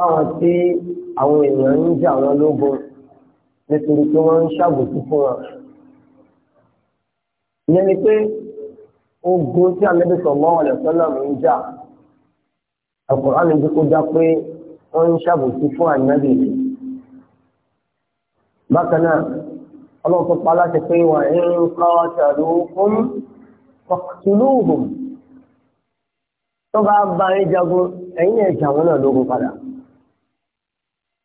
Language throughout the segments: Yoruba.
fáwọn tí àwọn èèyàn ń jà wọn lógun nítorí pé wọ́n ń ṣàbòsí fún wọn. ìyẹn ni pé ogun tí Ànábì sallallahu alaihi wasallam ń jà Al-Qur'an ní kó dá pé wọ́n ń ṣàbòsí fún ànábì. bákan náà pa láti pé wà ń kọ́ tàbí fún faqtuluhum tó bá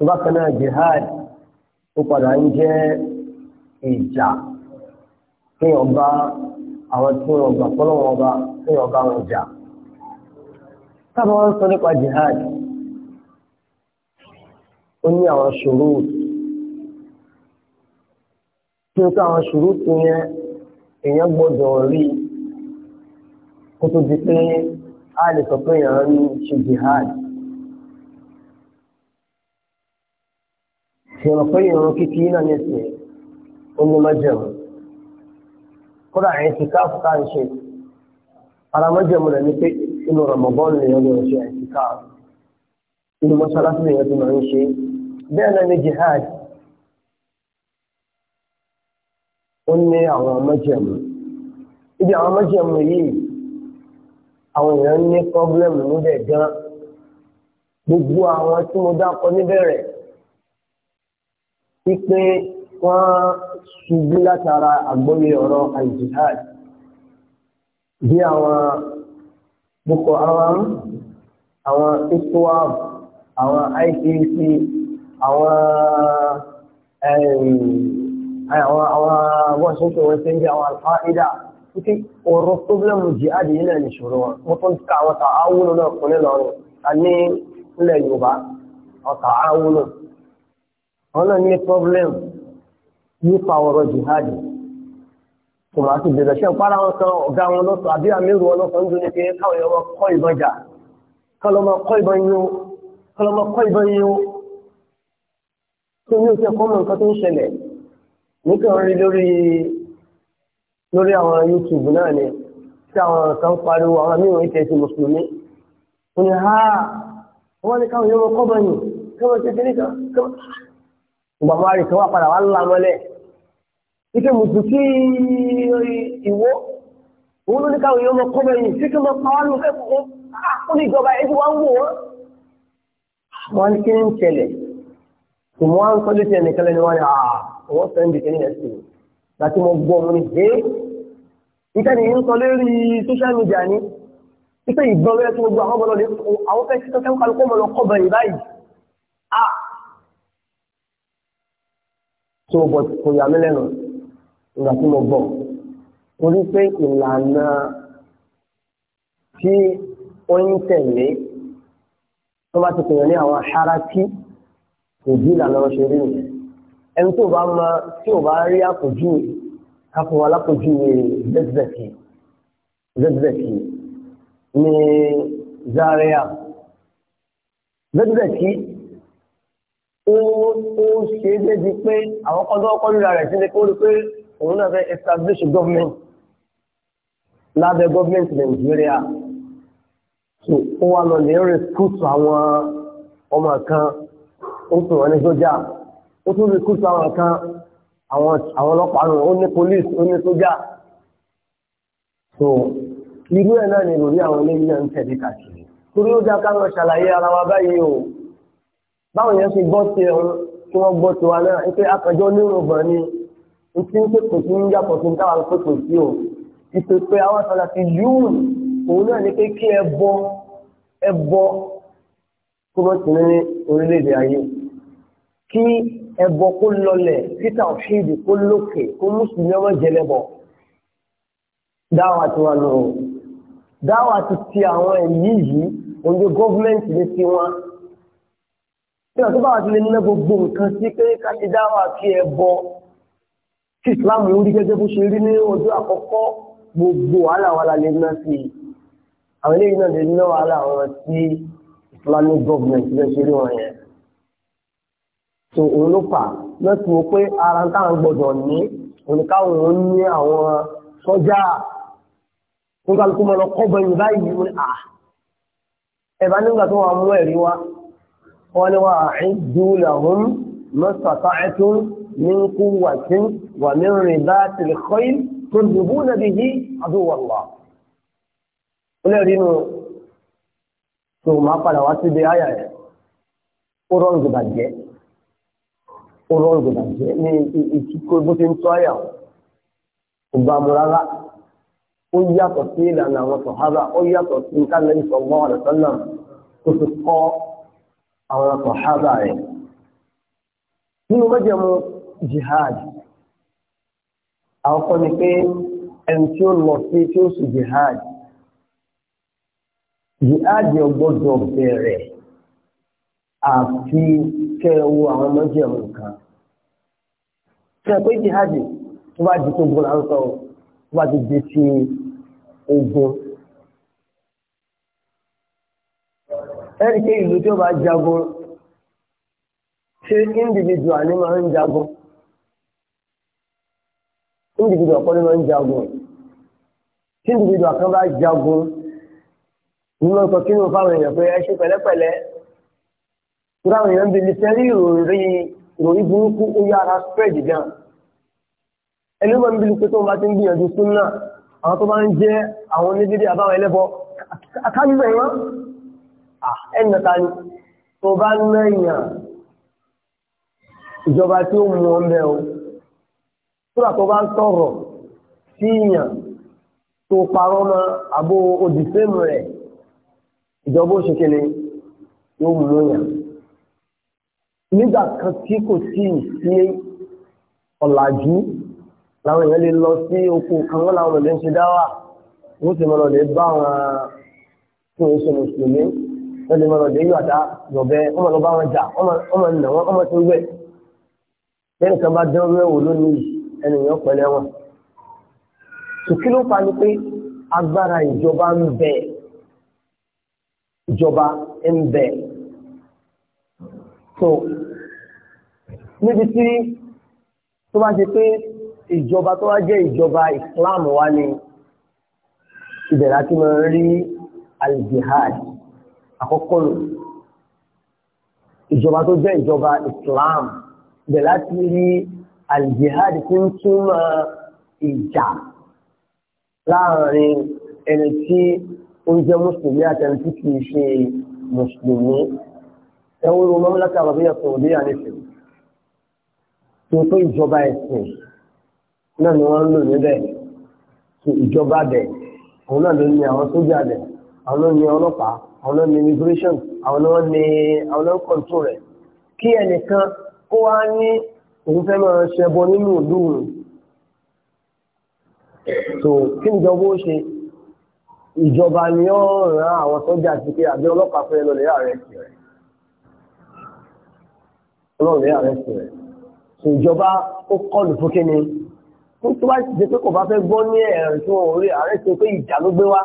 bákan jihad ó padà ń jẹ́ ìjà kéèyàn bá àwọn tí wọn gbà fọlọ́ wọn bá bá wọn jà sọ nípa jihad ó ní àwọn ṣòro tí ó ká àwọn ṣòro tó yẹn èèyàn gbọ́dọ̀ rí a lè sọ pé èèyàn jihad. ìrùn pé ìrùn kíkí náà ní ìsìn onímọ̀jẹ̀mù kódà àyìn ti káàfù káà ń ṣe ara mọ̀jẹ̀mù rẹ̀ ní pé inú Ramadan lè yọ lọ́rọ̀ ṣe àyìn ti káàfù inú jihad ó ní àwọn yi wípé wọ́n ṣubú látara àgbọ́yé ọ̀rọ̀ al-jihad bí àwọn boko haram àwọn iswap àwọn icc eh, àwọn àwọn àwọn ṣoṣo wọn ṣe ń jẹ àwọn al-qaida wípé ọ̀rọ̀ pọ́blẹ́mù jihad yìí náà nìṣòro wọn mo tún ká àwọn tààwùn náà kún nílọrin a ní ilẹ̀ yorùbá àwọn náà wọn náà ní problem nípa ọ̀rọ̀ jihad tòun àti bẹ̀rẹ̀ ṣe ń para wọn kan ọ̀gá wọn lọ́sọ̀ àbí àmírù wọn lọ́sọ̀ ń dún ní pé káwọn èèyàn kọ́ ìbọn jà kọ́lọ́mọ kọ́ ìbọn yín o kọ́lọ́mọ kọ́ ìbọn yín o tó ní oṣù ẹ̀kọ́ mọ̀ nǹkan tó ń ṣẹlẹ̀ nítorí wọn lórí lórí àwọn YouTube náà ni tí àwọn kan pariwo àwọn míràn ìtẹ̀sí mùsùlùmí wọn ni ha wọn ni káwọn èèyàn kọ́ bọ̀ yìí kọ́mọ kékeré kan bàbá rẹ̀ kan wá padà wá ńlá mọ́lẹ̀ ike mùtù kí ìwó òun ló ní káwọn èèyàn máa kọ́ mẹ́yìn sí kí wọ́n pa wá lókè kókó ah, ó ní ìjọba èyí wá ń wò wọ́n. wọ́n ní kí ń ṣẹlẹ̀ ah, tí wọ́n á ń sọ́jú tiẹ̀ nìkan lẹ́nu wọn ni àwọn sẹ́ńdì kìíní ẹ̀ sí i láti mo gbọ́ mo ní hé níta ni ń sọ lórí social media ni ipe ìgbọ́n rẹ̀ tí àwọn ọmọ lọ́dẹ àwọn fẹ́ẹ́ sí ń kọ́ tó bọ̀ kò yà mí lẹ́nu ìgbà tí mo bọ̀ torí pé ìlànà tí wọ́n ń tẹ̀lé tó bá ti pè ní àwọn aṣáratí kò bí ìlànà ọ̀ṣẹ́ rí nìyẹn ẹni tó bá mọ tí ò bá rí àpòjú káfọ́ alápòjú zẹ́tìzẹ́tì zẹ́tìzẹ́tì ní Zaria zẹ́tìzẹ́tì ó ó ṣe é débi pé àwọn kọ́dọ̀ kọ́lùra rẹ̀ sí ni kó rí pé òun náà fẹ́ establish government lábẹ́ government Nàìjíríà so ó wá lọ lè recruit àwọn ọmọ kan ó pè wọ́n ní sójà ó tún recruit àwọn kan àwọn àwọn ọlọ́pàá nù ó ní police ó ní sójà so irú ẹ̀ náà ni ìròyìn àwọn eléyìí náà ń tẹ̀lé kàkiri torí ó dá káwọn ṣàlàyé ara wa báyìí o báwọn yẹn fi gbọ́ ti ẹ̀hún kí wọ́n gbọ́ tiwa náà ń pé akànjọ́ nínú bọ̀ ni n ti ń pèpè sí ń yàtọ̀ sí táwọn pèpè sí o ìpèpè àwọn àtàlà ti yún òun náà ni pé kí ẹ bọ ẹ bọ kó bọ́ sí ní orílẹ̀-èdè ayé kí ẹ bọ kó lọlẹ̀ títà òṣèlú kó lókè kó mùsùlùmí ọmọ jẹlẹbọ dáwà tiwa nù dáwà ti ti àwọn ẹ̀yí yìí oúnjẹ gọ́ọ̀mẹ̀ntì ní tiwọn nígbà tó bá wà sí lè ná gbogbo nǹkan sí pé ká ti dá wà kí ẹ bọ kí ìsìláàmù ń rí gẹ́gẹ́ bó ṣe rí ní ọjọ́ àkọ́kọ́ gbogbo wàhálà wàhálà lè ná sí i àwọn eléyìí náà lè ná wàhálà wọn sí islamic government bẹ́ẹ̀ ṣe rí wọn yẹn so òun ló fà lọ́sùn mo pé ara ń táwọn gbọ́dọ̀ ní òun káwọn òun ní àwọn sọ́jà nígbà tó mọ̀ lọ kọ́ bẹ̀yìn báyìí ní à ẹ̀ bá nígbà tó wà mú ẹ̀rí wá wọ́n ní wọ́n àìdú làwọn mọ́sàtà ẹ̀tún ní kú wà sí wà ní rìn bá tìlẹ̀kọ́yì tó dùbú nàbí yí àdúwọ̀lá. ó lè rí nu tó máa padà wá síbi àyà rẹ̀ ó rọrùn gbọdà jẹ́ ó rọrùn gbọdà jẹ́ ní ìtukọ̀ bó ti ń tọ́ àyà kò bá mu rárá ó yàtọ̀ sí ìlànà àwọn sọ̀hábà ó yàtọ̀ sí nǹkan lẹ́yìn sọ̀gbọ́n àdàtọ́nà tó ti kọ́ àwọn sàhábà rẹ̀ nínú mẹ́jẹ̀mú jihad àwọn kan ni pé ẹni tí ó lọ sí tí ó sì jihad jihad yẹn gbọ́dọ̀ bẹ̀rẹ̀ àfi kẹwo àwọn mẹ́jẹ̀mú kan ṣe pé jihad tó bá di tó gbọ́dọ̀ à tó bá ti di ti ogun. ẹ̀rí pé ìlú tí ó bá jagun ṣé individual ni máa ń jagun individual kọ́ ni máa ń jagun tí individual kan bá jagun ní wọ́n sọ kí ló fáwọn èèyàn pé ẹ ṣe pẹ̀lẹ́pẹ̀lẹ́ tí láwọn èèyàn ń bi lìtẹ́rì ìròyìn ìròyìn burúkú ó yára spread gan ẹni wọ́n ń bi lìtẹ́rì tó ń bá ti ń gbìyànjú súnmọ́ àwọn tó bá ń jẹ́ àwọn oníbídé àbáwọn ẹlẹ́bọ àkàlùbẹ̀ wọn. Ah, ẹnìyàn ta ni tó bá ná èèyàn ìjọba tí ó mú ọ mẹ́ o tóra tó bá sọ̀rọ̀ sí èèyàn tó parọ́ mọ́ àbó òdìsẹ́nu rẹ̀ ìjọba òṣèkèlè yóò mú èèyàn nígbà kan tí kò sí ìsí ọ̀làjú làwọn èèyàn lè lọ sí oko kan wọn làwọn ọ̀lẹ́ ń ṣe dá wà wọ́n sì mọ̀ lọ́lẹ́ bá àwọn tí wọ́n ṣe mùsùlùmí wọ́n lè máa lọ lẹ́yìn àdá yọ̀bẹ wọ́n máa lọ bá wọn jà wọ́n máa nà wọ́n wọ́n máa tó wẹ̀ lẹ́yìn kan bá dán wẹ́wò lónìí ẹnìyàn pẹ̀lẹ́ wọn. sùkí ló fa ni pé agbára ìjọba ń bẹ ìjọba ń bẹ so níbi tí tó bá ṣe pé ìjọba tó wá jẹ́ ìjọba Islam wa ni ìbẹ̀rẹ̀ àti máa rí al-jihad àkọ́kọ́ lò ìjọba tó jẹ́ ìjọba Islam bẹ̀ láti rí aljihad tí ń túmọ̀ ìjà láàrin ẹni tí ó jẹ́ mùsùlùmí àti ẹni tí kìí ṣe mùsùlùmí ẹwọ́n ló mọ́mọ́láta àbábíyà sọ̀rọ̀dé àníṣẹ́ tó tó ìjọba ẹ̀sìn náà ni wọ́n ń lò níbẹ̀ ìjọba bẹ̀ òun náà ló ní àwọn sójà bẹ̀ àwọn ló ní ọlọ́pàá àwọn ní immigration àwọn ló ní àwọn control rẹ̀ kí ẹnìkan kó wá ní òun fẹ́ máa ṣẹbọ nínú ìlú rẹ̀ so kí ni ìjọba ó ṣe ìjọba ni ó ràn àwọn sọ́jà sí pé àbí ọlọ́pàá fẹ́ lọ lè ààrẹ sí rẹ̀ ọlọ́run lè ààrẹ sí rẹ̀ so ìjọba ó kọlù fún kí ni tó bá ti di pé kò bá fẹ́ gbọ́ ní ẹ̀rọ tí wọn rí ààrẹ sí pé ìjà ló gbé wá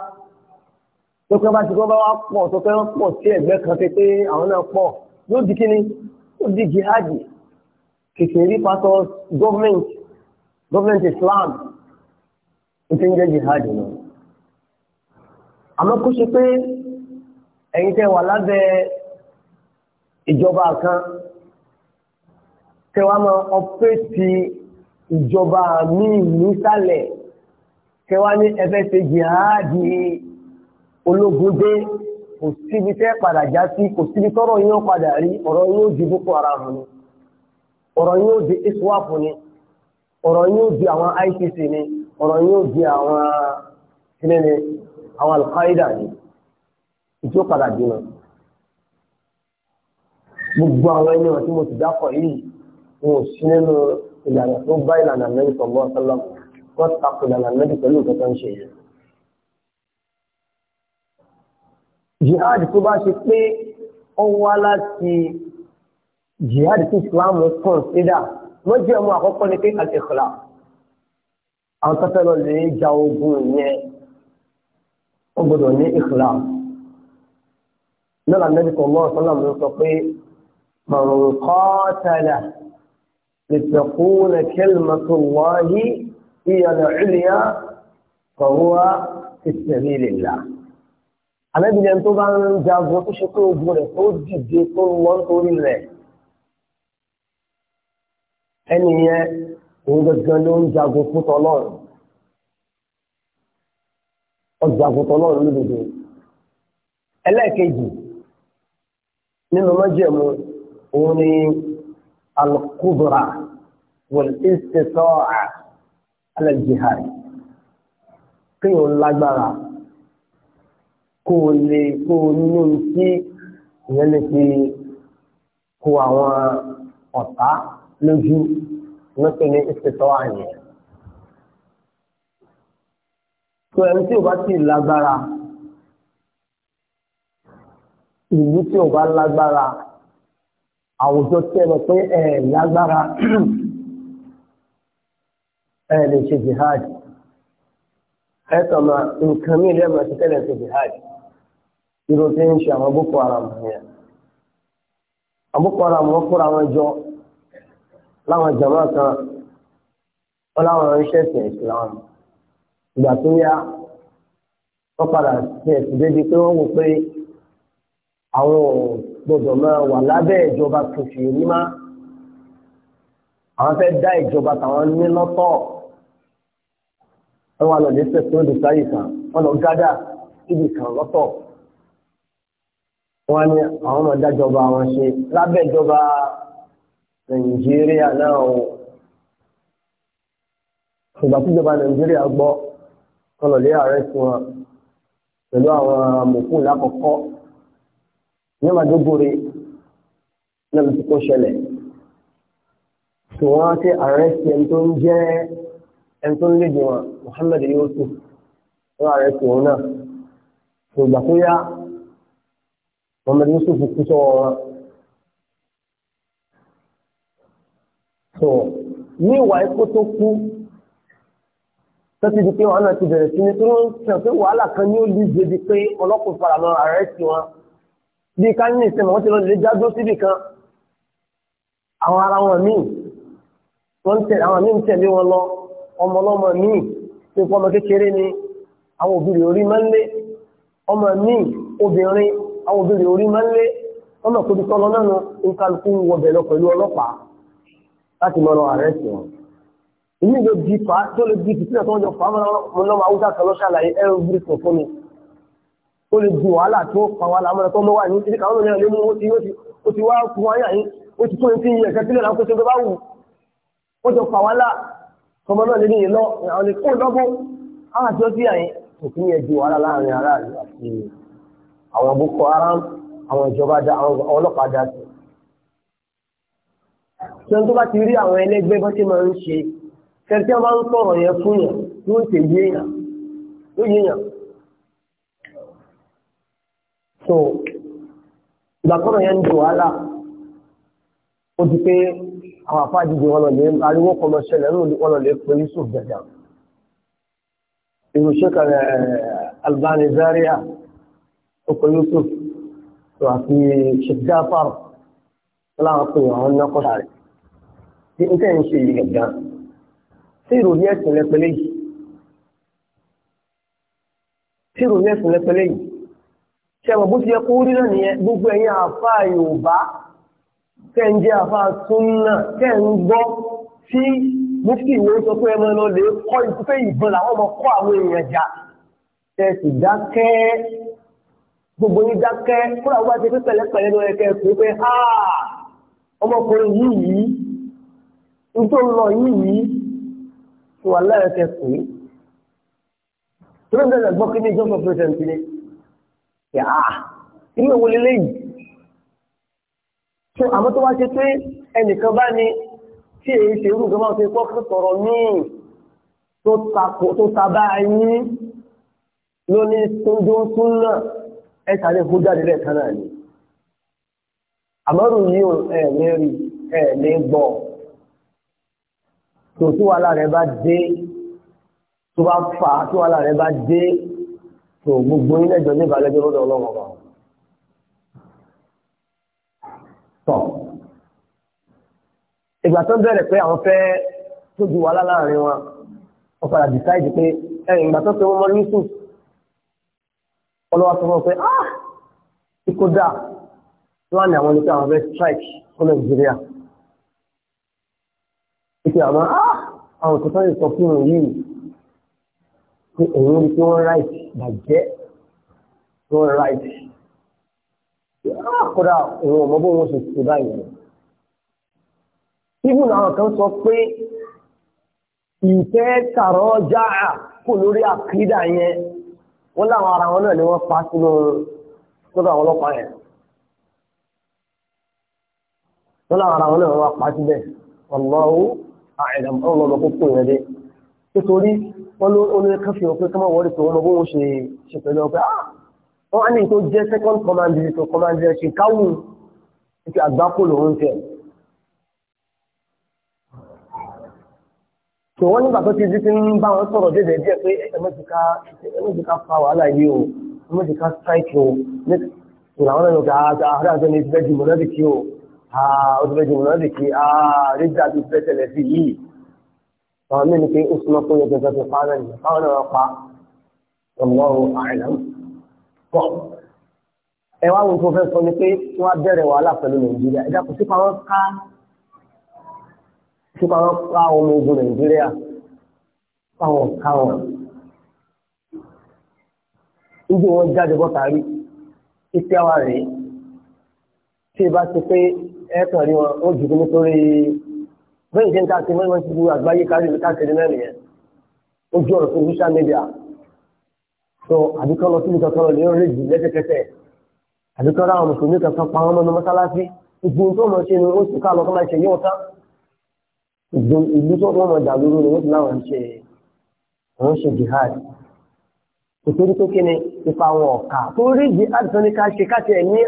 tó pé bá ti kọ́ bá wá pọ̀ tó pé wọ́n pọ̀ sí ẹ̀gbẹ́ kan pé àwọn náà pọ̀ yóò di kíni ó di jihadi kìkìrí pàtó government government Islam ó ti ń jẹ́ jihadi náà àmọ́ kó ṣe pé ẹ̀yin tẹ́ wà lábẹ́ ìjọba kan tẹ́ wàá máa ọpẹ́tì ìjọba míì nísàlẹ̀ tẹ́ wàá ní ẹ fẹ́ ṣe jihadi ológun dé kò síbi tẹ́ padà já sí kò síbi tọ́rọ̀ yín padà rí ọ̀rọ̀ yín ó di boko haram ni ọ̀rọ̀ yín ó di iswap ni ọ̀rọ̀ yín ó di àwọn ICC ni ọ̀rọ̀ yín ó di àwọn kíni ni àwọn al-Qaeda ni ìtí ó padà dì náà gbogbo àwọn ẹni wọn tí mo ti dákọ̀ yìí wọn ò sí nínú ìlànà tó bá ìlànà mẹ́rin sọ̀rọ̀ ọ̀sán lọ́wọ́ wọ́n takò ìlànà mẹ́rin pẹ̀lú nǹkan ń ṣe yìí. jihad tó bá ṣe pé ó wá láti jihad tí islam kọ̀nsídà wọ́n jẹ́ ọmọ àkọ́kọ́ ní pé àtẹ̀kọ́lá àwọn tó fẹ́ lọ lè ja ogun yẹn ó gbọ́dọ̀ ní ìkìlá lọ́la mẹ́ríkà ọmọ ọ̀sánlá mi sọ pé màrún kọ́tàlá لتكون كلمة الله هي العليا فهو في سبيل الله àmẹ́bìnrin tó bá ń jagun tó ṣe pé ogun rẹ̀ tó dìde tó ń lọ nítorí rẹ̀ ẹni yẹn òun gangan ló ń jagun fún tọlọ́run ọjàgun tọlọ́run lódodo ẹlẹ́ẹ̀kejì nínú májẹ̀mú òun ni alkubra wal-istitā'a ala al-jihād kéèyàn lágbára kó o lè kó o nínú tí ìyẹn lè fi kó àwọn ọ̀tá lójú lọ́pẹ́ ní ìṣètò àyè. tó ẹni tí o bá ti lágbára ìlú tí o bá lágbára àwùjọ tí ẹ lọ pé ẹ lágbára ẹ lè ṣe jihad ẹ ma nǹkan mìíràn ẹ máa ti tẹ́lẹ̀ ṣe jihad irú tí ń ṣe àwọn boko haram yẹn àwọn boko haram wọn kóra wọn jọ láwọn jàmáà kan wọn láwọn ń ṣẹ̀sìn islam ìgbà tó yá wọn padà ṣe ẹ̀sìn débi pé wọn wò pé àwọn ò gbọdọ̀ máa wà lábẹ́ ìjọba kìfì ní má àwọn fẹ́ dá ìjọba tàwọn ní lọ́tọ̀ wọn wà lọ́dẹ sẹ́sìn ó di sáyìí kan wọn lọ gádà síbi kan lọ́tọ̀ wọ́n ní àwọn ọmọ dájọba wọn ṣe lábẹ́jọba nàìjíríà náà o ìgbà tíjọba nàìjíríà gbọ́ kọlọ̀lẹ́ ààrẹ sí wọn pẹ̀lú àwọn amòkú lákọ̀ọ́kọ́ ní màdógóre náà ló ti kó ṣẹlẹ̀ tí wọ́n ti ààrẹ sí ẹni tó ń jẹ́ ẹni tó ń lédè wọn Muhammad Yusuf wọ́n ààrẹ sí òun náà ìgbà tó yá Muhammad Yusuf kú sọ́wọ́ wọn. So ní ìwà ikú tó kú tọ́sí di pé wọn náà ti bẹ̀rẹ̀ sí ni tó ń sọ pé wàhálà kan ní ó lù ú débi pé ọlọ́kùnrin faramọ́ ààrẹ ti wọn. Bí káyọ̀ ìsẹ̀mọ̀ wọ́n ti lọ lè jágbó síbì kan. Àwọn ara wọn míì wọ́n tẹ̀lé àwọn míì ń tẹ̀lé wọn lọ ọmọ ọlọ́mọ míì tó kọ́ ọmọ kékeré ni àwọn òbí rẹ̀ orí máa ń lé ọmọ míì obìnrin àwọn obìnrin orí máa ń lé wọ́n mọ̀ kóbi tọ́lọ náà ń kálukú wọbẹ̀ lọ pẹ̀lú ọlọ́pàá láti mọ̀ lọ ààrẹ sí wọn. èmi ló di fa tó lè di fìtínà tó ń jọ fa mo lọ́mọ haúsá kan lọ́ ṣàlàyé ẹ̀rọ bíríkì fún mi. ó lè di wàhálà tó pa wàhálà mọ́ra tó mọ́ wà ní ibi káwọn ènìyàn lè mú ó ti wá fún wáyà yín ó ti tó ẹni tí ń àwọn lè kó lọ́gbọ́n òfin yẹn di wàhálà láàrin aráàlú àti ènìyàn àwọn boko haram àwọn ìjọba da àwọn ọlọ́pàá da sí. sọ́n tó bá ti rí àwọn ẹlẹ́gbẹ́ bó ṣe máa ń ṣe kẹ́kẹ́ máa ń sọ̀rọ̀ yẹn fún yàn ló ń tèyé yàn ló yé yàn. so ìgbà kọ́nà yẹn ń di wàhálà ó di pé àwọn àpá àdìdì wọn lọlẹ ariwo kọmọ ṣẹlẹ̀ wọn lọlẹ pé Yusuf dada irú ṣẹkẹrẹ Albani Zaria ọkọ̀ Yusuf tó àti Sheikh Jafar láwọn pè àwọn nọ́kọ̀tà rẹ̀ tí n tẹ́ ń ṣe yìí gàgán tí ìròyìn ẹ̀sìn lẹ́pẹ́lẹ́ yìí tí ìròyìn ẹ̀sìn lẹ́pẹ́lẹ́ yìí ṣe mọ̀ bó ti yẹ kó rí náà nìyẹn gbogbo ẹ̀yin àfa Yorùbá tẹ́ ń jẹ́ àfa súnà tẹ́ ń gbọ́ tí mufti ìwé sọ pé ẹmọ lọ lè kọ́ ìfúfẹ́ ìbọn làwọn ọmọ kọ́ àwọn èèyàn jà tẹ́ dákẹ́ gbogbo yín dákẹ́ fúnra wọn ti fi pẹ̀lẹ́pẹ̀lẹ́ lọ ẹ̀kẹ́ pé pé ha ọmọkùnrin yìí yìí nítorí lọ yìí yìí tí wà lẹ́ẹ̀kẹ́ pé tí wọ́n bẹ̀rẹ̀ gbọ́ kí ní ìjọba president ni yà á ilé wo leléyìí tó àmọ́ tó wá ṣe pé ẹnìkan bá ní tí èyí ṣe irú ìjọba fi kọ́ fún sọ̀rọ̀ míì tó ta bá yín lónìí tó ń dún sún náà ẹ sáré kó jáde lẹ́ẹ̀kan náà ni àmọ́rù yìí ò ẹ̀ ní rí ẹ̀ ní gbọ́ tòtí wàhálà rẹ bá dé tó bá fà á tí wàhálà rẹ bá dé tó gbogbo yín lẹ́jọ́ ní ìbálẹ́jọ́ lọ́dọ̀ ọlọ́run ọba tọ̀ ìgbà tó bẹ̀rẹ̀ pé àwọn fẹ́ tójú wàhálà láàrin wọn wọ́n padà pé ẹ̀yìn ìgbà tó pe wọ́n mọ́ Yusuf ọlọ́wà tó wọ́n pé ah ikú dà láàrin àwọn oníkẹ́ àwọn fẹ́ strike fún nàìjíríà ìpè àwọn ah àwọn òkúta yìí sọ fún òun yìí pé òun rí pé wọ́n right bàjẹ́ wọ́n right ah, kódà òun ọmọ bó wọn ṣe ṣe báyìí ibùn àwọn kan sọ pé ìfẹ́ tààrọ̀ jáà kò lórí àkídà yẹn wọ́n láwọn ara wọn náà ni wọ́n pa sínú sọ́dọ̀ àwọn ọlọ́pàá yẹn wọ́n láwọn ara wọn náà wọ́n pa síbẹ̀ ọlọ́wọ́ àìdàm ọ̀run ọmọ kókó yẹn dé nítorí wọ́n ló ó ní káfíń ọ̀pẹ kọ́mọ̀ wọ́n rí pé wọ́n mọ bó wọ́n ṣe ṣe pẹ̀lú ọ̀pẹ ah! wọ́n á ní tó jẹ́ second commander to commander ṣe káwù àgbákò lòun tẹ̀. tò wọ́n nígbà tó ti di ti ń bá wọn sọ̀rọ̀ dédé díẹ̀ pé ẹ̀mẹ́jìká fa wàhálà yìí o ẹ̀mẹ́jìká strike o ní ìlànà ẹ̀rọ gàdá adájọ́ ní ìfẹ́ jù mọ́lẹ́bí kí o ah, ọdúnfẹ́ jù mọ́lẹ́bí kí àrídà ah, ti fẹ́ tẹ̀lẹ̀ sí yìí àwọn mí ni pé ó súnmọ́ pé ẹgbẹ́ tó pa náà nìyẹn fáwọn náà pa ọlọ́run àìlám pọ̀ ẹ wá wọn tó fẹ́ sọ ni pé wọ́n á bẹ̀rẹ̀ wàhálà pẹ̀lú Nàìjíríà ẹ tó bá wọn pa ọmọ ogun nàìjíríà fáwọn káwọn níbi wọn jáde bọ́ta rí títí àwa rèé tí ìbá ti pé ẹ̀ẹ̀kan rí wọn ó jùlọ nítorí bẹ́ẹ̀ ìṣe ń ká sí mẹ́rin ti du àgbáyé kárí ìlú káàkiri náà nìyẹn ojú ọ̀rọ̀ fún social media so àbíkọ́ lọ síbi kankan lọ lórí jù lẹ́sẹ̀kẹsẹ̀ àbíkọ́ ráwọn mùsùlùmí kankan pa wọn mọ́nú mọ́sálásí ìgbìmọ̀ tó mọ̀ ṣe ni ó sì ká lọ kọ́ ṣe yí wọn ìgbò ìlú tó wọ́n mọ̀ dàlúrú ni wọ́n ti láwọn ṣe wọ́n ṣe jihad nítorí pé kíni ipa àwọn ọ̀ka tó rí jihad tó ní ká ṣe káṣẹ ní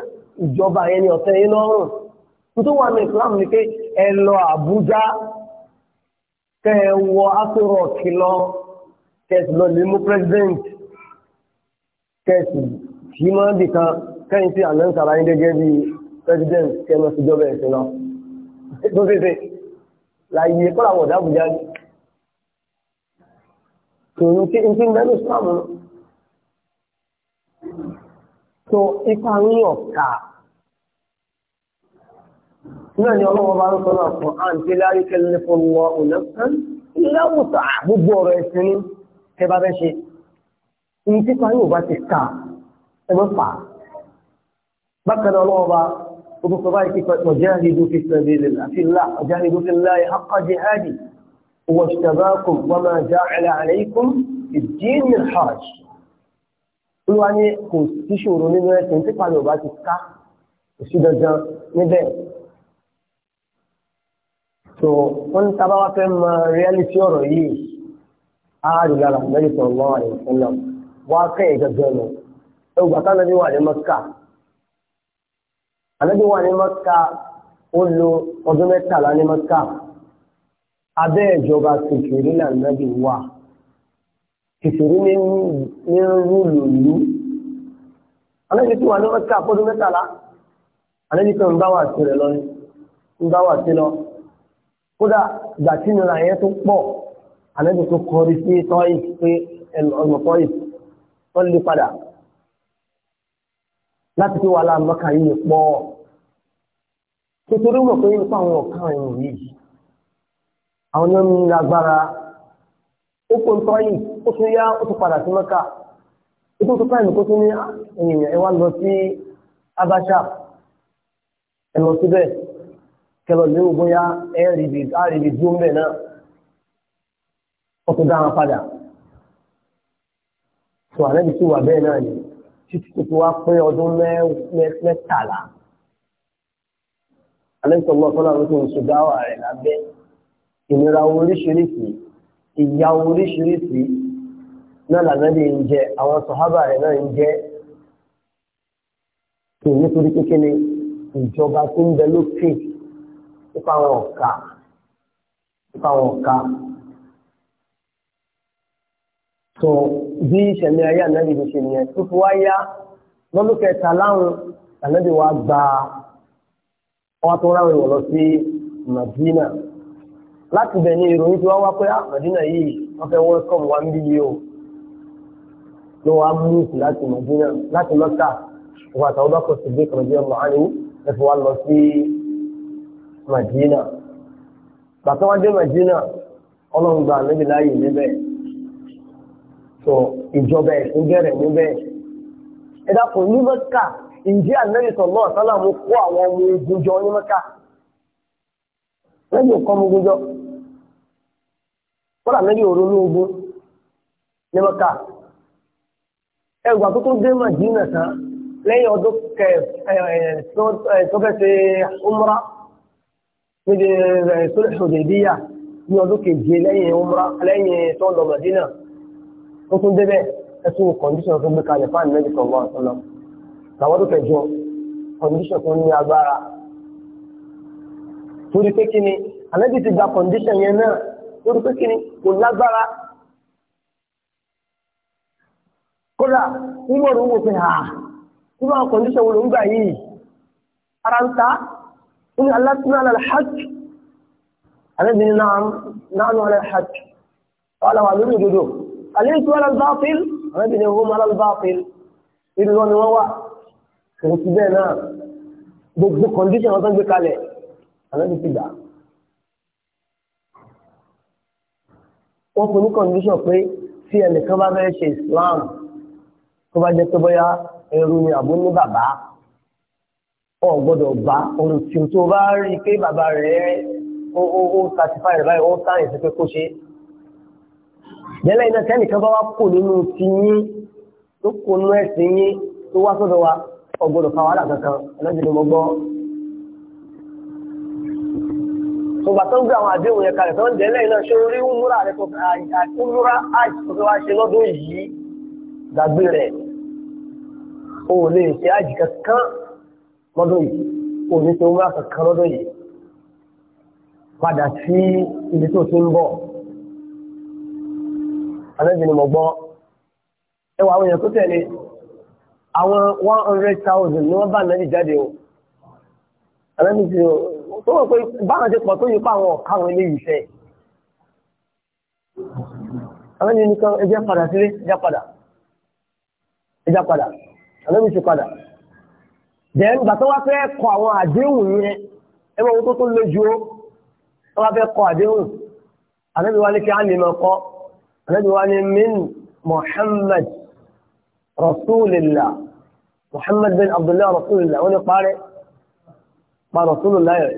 ìjọba yẹn ní ọ̀sẹ̀ yẹn lọ́rùn nítorí wà ní Islam ni pé ẹ lọ Àbújá kẹ ẹ wọ asọrọọkì lọ kẹ ẹ sì lọ lè mú president kẹ ẹ sì kì í mọ nìkan kẹyìn sí àná ń sàlàyé gẹ́gẹ́ bíi president kẹ ẹ lọ sí ìjọba ẹ̀sìn lọ láyé kọ́lá wọ̀ dábùjá ní tòun tí n ti ń bẹ́ẹ̀ islam lọ. tó ipa ní ọ̀ka náà ni ọlọ́wọ́ bá ń sọ náà fún àǹtí láyé kẹ́lẹ́ fún wọn ọ̀nàkan láwùtà gbogbo ọ̀rọ̀ ẹ̀sìn ní ẹ ṣe ní típa yóò bá ti kà ẹ fà bákan náà ọlọ́wọ́ bá. ومن صبائك وجاهدوا في سبيل الله في الله وجاهدوا في الله حق جهاده هو اجتباكم وما جعل عليكم في الدين من حرج olúwa ní kò síṣòro nínú ẹsẹ̀ tí pàlẹ́ ọba ti ká kò sí dandan níbẹ̀ tó ń tábà wá fẹ́ mọ reality ọ̀rọ̀ yìí áàrùn lára mẹ́rin sọ̀rọ̀ lọ́wọ́ àyẹ̀fọ́ náà wọ́n kẹ́ ẹ̀ gangan lọ ẹgbàá táwọn ẹbí wà ní mọ́kà ànábì wà ní mọ́ká ó lo ọdún mẹ́tàlá ní mọ́ká abẹ́ ìjọba kìkìrí làǹdàbí wà kìkìrí ní rúlù ìlú ànábì tí wà ní mọ́ká fọ́dún mẹ́tàlá ànábì tó ń bá wà sí rẹ̀ lọ ní ń bá wà sí lọ kódà ìgbà tí nira yẹn tó pọ̀ ànábì tó kọrí sí tọ́yì pé ẹnu ọmọ tọ́yì tó lè padà láti pé maka mọ́ka yìí pọ̀ nítorí mọ̀ pé nípa àwọn ọ̀kan ẹ̀yìn yìí àwọn náà ní agbára ó kó nǹkan yìí ó tún yá ó tún padà sí mọ́ka ó tún tún káyìn kó tún ní Abacha ẹ lọ síbẹ̀ kẹlọ lérò bóyá á dúró ń bẹ̀ náà ó tún títí tó fi wá pé ọdún mẹ́tàlá alẹ́sọ̀gbọ́n fọlá ló ti ń ṣùgbọ́n rẹ̀ lábẹ́ ìnira oríṣiríṣi ìyà oríṣiríṣi náà lànàbí ń jẹ àwọn sọ̀hábà rẹ̀ náà ń jẹ kì kékeré ìjọba tó ń bẹ lókè nípa so bí ìṣẹ̀mí ayé ànábì ti ṣe nìyẹn tó fi wá yá lọ́dún kẹta láwọn ànábì wa gba ọwọ́ tó ráwọn èèyàn lọ sí Madina láti bẹ̀ ní ìròyìn tí wọ́n wá pé ah, Madina yìí wọ́n fẹ́ welcome wa ń bí yìí o ló wá mú ìsìn láti Madina láti Mẹ́kà ìwà àtàwọn bá kọ̀ sí bí kọ̀ọ̀dé ọmọ àná ẹ̀fọ́ wa lọ sí Madina bàtà wọn dé Madina ọlọ́run gba ànábì láàyè níbẹ̀ sọ ìjọba ẹ̀sìn bẹ̀rẹ̀ níbẹ̀. ẹ dákun ní mẹ́kà ǹjẹ́ ànábì sallallahu alaihi wasallam kó àwọn ọmọ ogun jọ ní mẹ́kà lẹ́yìn nǹkan ọmọ ogun jọ kọ́lá lẹ́yìn òru ní ogun ní mẹ́kà ẹgbà tó tó dé Mádínà tán lẹ́yìn ọdún kẹ tó fẹ́ ṣe umra níbi sulh Hudaybiyah ní ọdún keje lẹ́yìn umra lẹ́yìn tó lọ ó tún débẹ̀ ẹtún kọ̀ǹdíṣọ̀n tó gbé kalẹ̀ fáànù mẹ́jìkọ̀ wọn ọ̀sán làwọn tó kẹjọ kọ̀ǹdíṣọ̀n tó ní agbára torí pé kí ni àlẹ́bí ti gba kọ̀ǹdíṣọ̀n yẹn náà torí pé kí ni kò lágbára kódà nígbà òun wò pé hà nígbà kọ̀ǹdíṣọ̀n wo ló ń gbà yìí ara ń ta ní alásùnà alhajj àlẹ́bí ni náà náà nù Hajj wàhálà wà lórí òdodo àlẹ́sù alábàápìl àrẹ́bì ni wọ́n alábàápìl ìlú wọn ni wọ́n wà kò sí bẹ́ẹ̀ náà gbogbo kọ̀ǹdíṣàn wọn tó gbé kalẹ̀ àrẹ́bì ti gbà. wọ́n fún ní kọ̀ǹdíṣàn pé tí ẹnìkan bá fẹ́ ṣe Islam tó bá jẹ́ pé bóyá ẹrú ni àbó ní bàbá ọ gbọ́dọ̀ bá orin o tó bá rí i pé bàbá rẹ̀ ó ó ó certify rẹ̀ báyìí ó sáyẹ̀nsì pé kó ṣe é jẹ́lẹ̀ iná tẹ́nìkan bá wá kò nínú ti yín tó kò nínú ẹ̀sìn yín tó wá sọ́dọ̀ wa ọgbọ́dọ̀ fa wàhálà kankan ẹlẹ́dìí ni mo gbọ́. Sọgbà tó ń gbé àwọn àdéhùn yẹn kalẹ̀ tó ń jẹ́lẹ̀ iná ṣé orí umura rẹ̀ tó umura hajj tó fẹ́ wá ṣe lọ́dún yìí gbàgbé rẹ̀ o ò lè ṣe hajj kankan lọ́dún yìí o ò ní ṣe umura kankan lọ́dún yìí padà sí ibi tó ti ń bọ̀ anábì ni mo gbọ́ ẹ wà àwọn èèyàn tó tẹ̀lé àwọn one hundred thousand ni wọ́n bá anábì jáde o anábì ti tó wọ́n pé báwọn ti pọ̀ tó yẹ kó àwọn ọ̀ka àwọn eléyìí fẹ́ anábì ni kan ẹjẹ́ padà sílé ẹjẹ́ padà ẹjẹ́ padà anábì ti padà dẹ́n gbàtọ́ wá fẹ́ kọ àwọn àdéhùn yẹn ẹ bá wọn tó tó lójú ó wọ́n wá fẹ́ kọ àdéhùn anábì wá ní kí á lè máa kọ́ ànábì wa ni min muhammad rasulillah muhammad bin abdullah rasulillah wọ́n ni parẹ́ pa rasulillah yẹn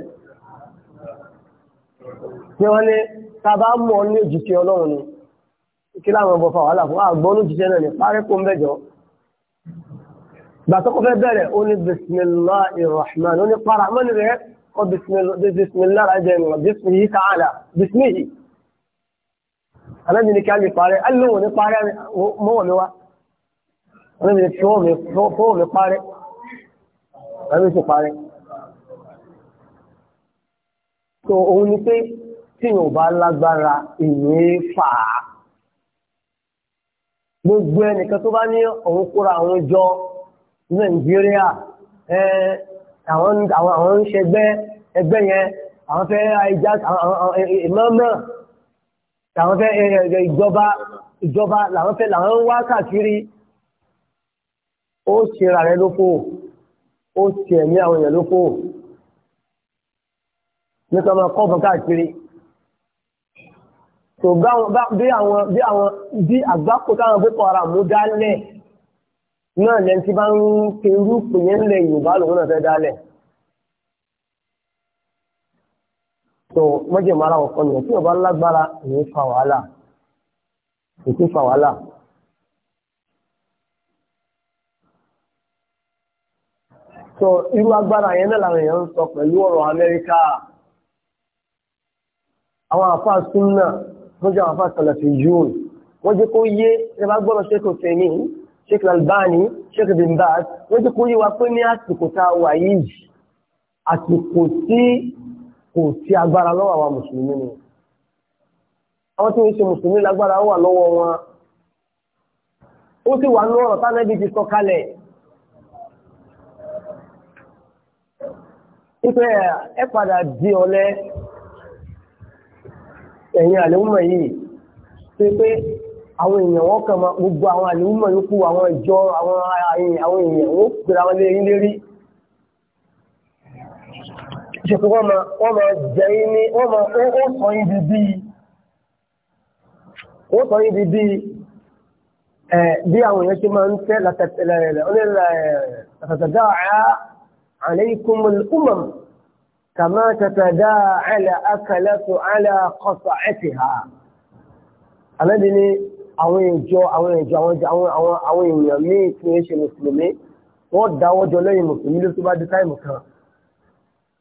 ni wọ́n ni tàbá mọ̀ ní òjìṣẹ́ ọlọ́run ni kí láwọn ọbọ̀ fa wàhálà fún àgbọ́n òjìṣẹ́ náà ni parẹ́ kó ń bẹ̀jọ́ gbàtọ́kọ́ fẹ́ bẹ̀rẹ̀ ó ní bisimilahi rahman ó ní para mọ́ni rẹ̀ kọ́ bisimilahi rahman bisimilahi anábì ní kí á lè parẹ́ á lóhùn ní parẹ́ mọ́wọ́ mi wá anábì ní kí fọ́wọ́ mi parẹ́ anábì sì parẹ́. so òun ni pé tí yóò bá lágbára ìwé fà á gbogbo ẹnìkan tó bá ní òun kóra àwọn jọ nàìjíríà ẹ àwọn àwọn ń ṣẹgbẹ́ ẹgbẹ́ yẹn àwọn fẹ́ ajá àwọn ìmọ̀ọ́mọ̀ làwọn fẹ́ eh, eh, ìjọba ìjọba làwọn fẹ́ làwọn ń wá káàkiri ó ṣe ra rẹ lófò ó ṣe ẹ̀mí àwọn èèyàn lófò nípa ọmọ kọ́ọ̀bù káàkiri tó bí àwọn bí àwọn bí àgbákò táwọn boko haram mú dálẹ̀ náà lẹ́ni tí bá ń ṣerú pèyẹ́ ńlẹ̀ yorùbá lòun náà fẹ́ dálẹ̀. tó mọ́jẹ̀ mara ọ̀kan nìyẹn tí ọba lágbára èyí fa wàhálà èyí fa wàhálà. tó irú agbára yẹn náà làwọn èèyàn ń sọ pẹ̀lú ọ̀rọ̀ Amẹ́ríkà àwọn àfáà súnmọ́ mọ́jẹ̀ àwọn àfáà sọ̀lẹ̀ fi yún wọ́n jẹ́ kó yé ẹ bá gbọ́dọ̀ ṣe kò fẹ́ sheikh albani sheikh bin wọ́n ti kó yí wa pé ní àsìkò tá a wà yìí àsìkò tí kò sí agbára lọ́wọ́ àwa mùsùlùmí ni àwọn tí wọ́n ṣe mùsùlùmí lágbára wà lọ́wọ́ wọn ó sì wà ní ọ̀rọ̀ tánẹ́bí ti sọ kalẹ̀ ipe ẹ padà di ọ̀lẹ ẹ̀yin àlẹ́wùmọ̀ yìí ṣe pé àwọn èèyàn wọn kàn gbogbo àwọn àlẹ́wùmọ̀ yòókù àwọn ìjọ àwọn èèyàn wọn pèrè àwọn ilé ṣe pé wọ́n máa jẹ́ ní wọ́n máa ó sọ ibi bí ó sọ ibi bí bí àwọn èèyàn ṣe máa ń tẹ́ látàtàdá عليكم الأمم كما تتداعى أكلة على قطعتها alábi ní àwọn ìjọ àwọn ìjọ àwọn èèyàn míì tí wọ́n ṣe mùsùlùmí wọ́n dáwọ́jọ lẹ́yìn mùsùlùmí ló tó bá dé táìmù kan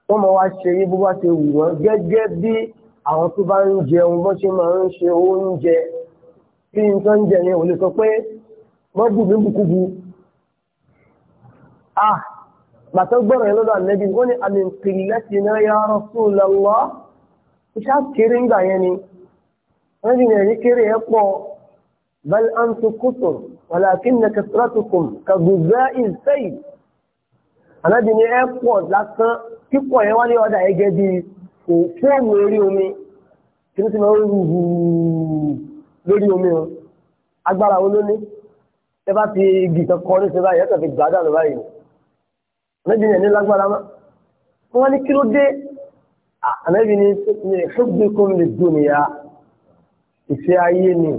wọ́n máa wá ṣe yí bó bá ṣe wù wọ́n gẹ́gẹ́ bí àwọn tó bá ń jẹun bó ṣe máa ń ṣe oúnjẹ tí n tó ń jẹ yẹn ò lè sọ pé wọ́n bù mí bukubu. a ah, bàtà gbọ́dọ̀ yẹn lọ́dọ̀ ànẹ́bí wọ́n ní àmì ìpìlẹ́sì náà ya Rasulullah iṣẹ́ kéré ńgbà yẹn ni wọ́n ní ẹ̀rí kéré yẹn pọ̀ bal antu kusur walakinna kasratukum ka gùzá ìsẹ́yì ànẹ́bí ni lásán kíkọ̀ yẹn wá ní ọ̀dà ẹgẹ́ bí kò fóònù orí omi kí ló ti máa ń rú lórí omi o agbára wo ló ní ẹ bá ti igi kan kọ ní ìṣẹ́bá yẹn kàfi gbàdá lọ báyìí lẹ́bi yẹn ní lágbára má wọ́n ní kí ló dé ànábi ní ṣùgbọ́n kò lè dùn ya ìfẹ́ ayé ni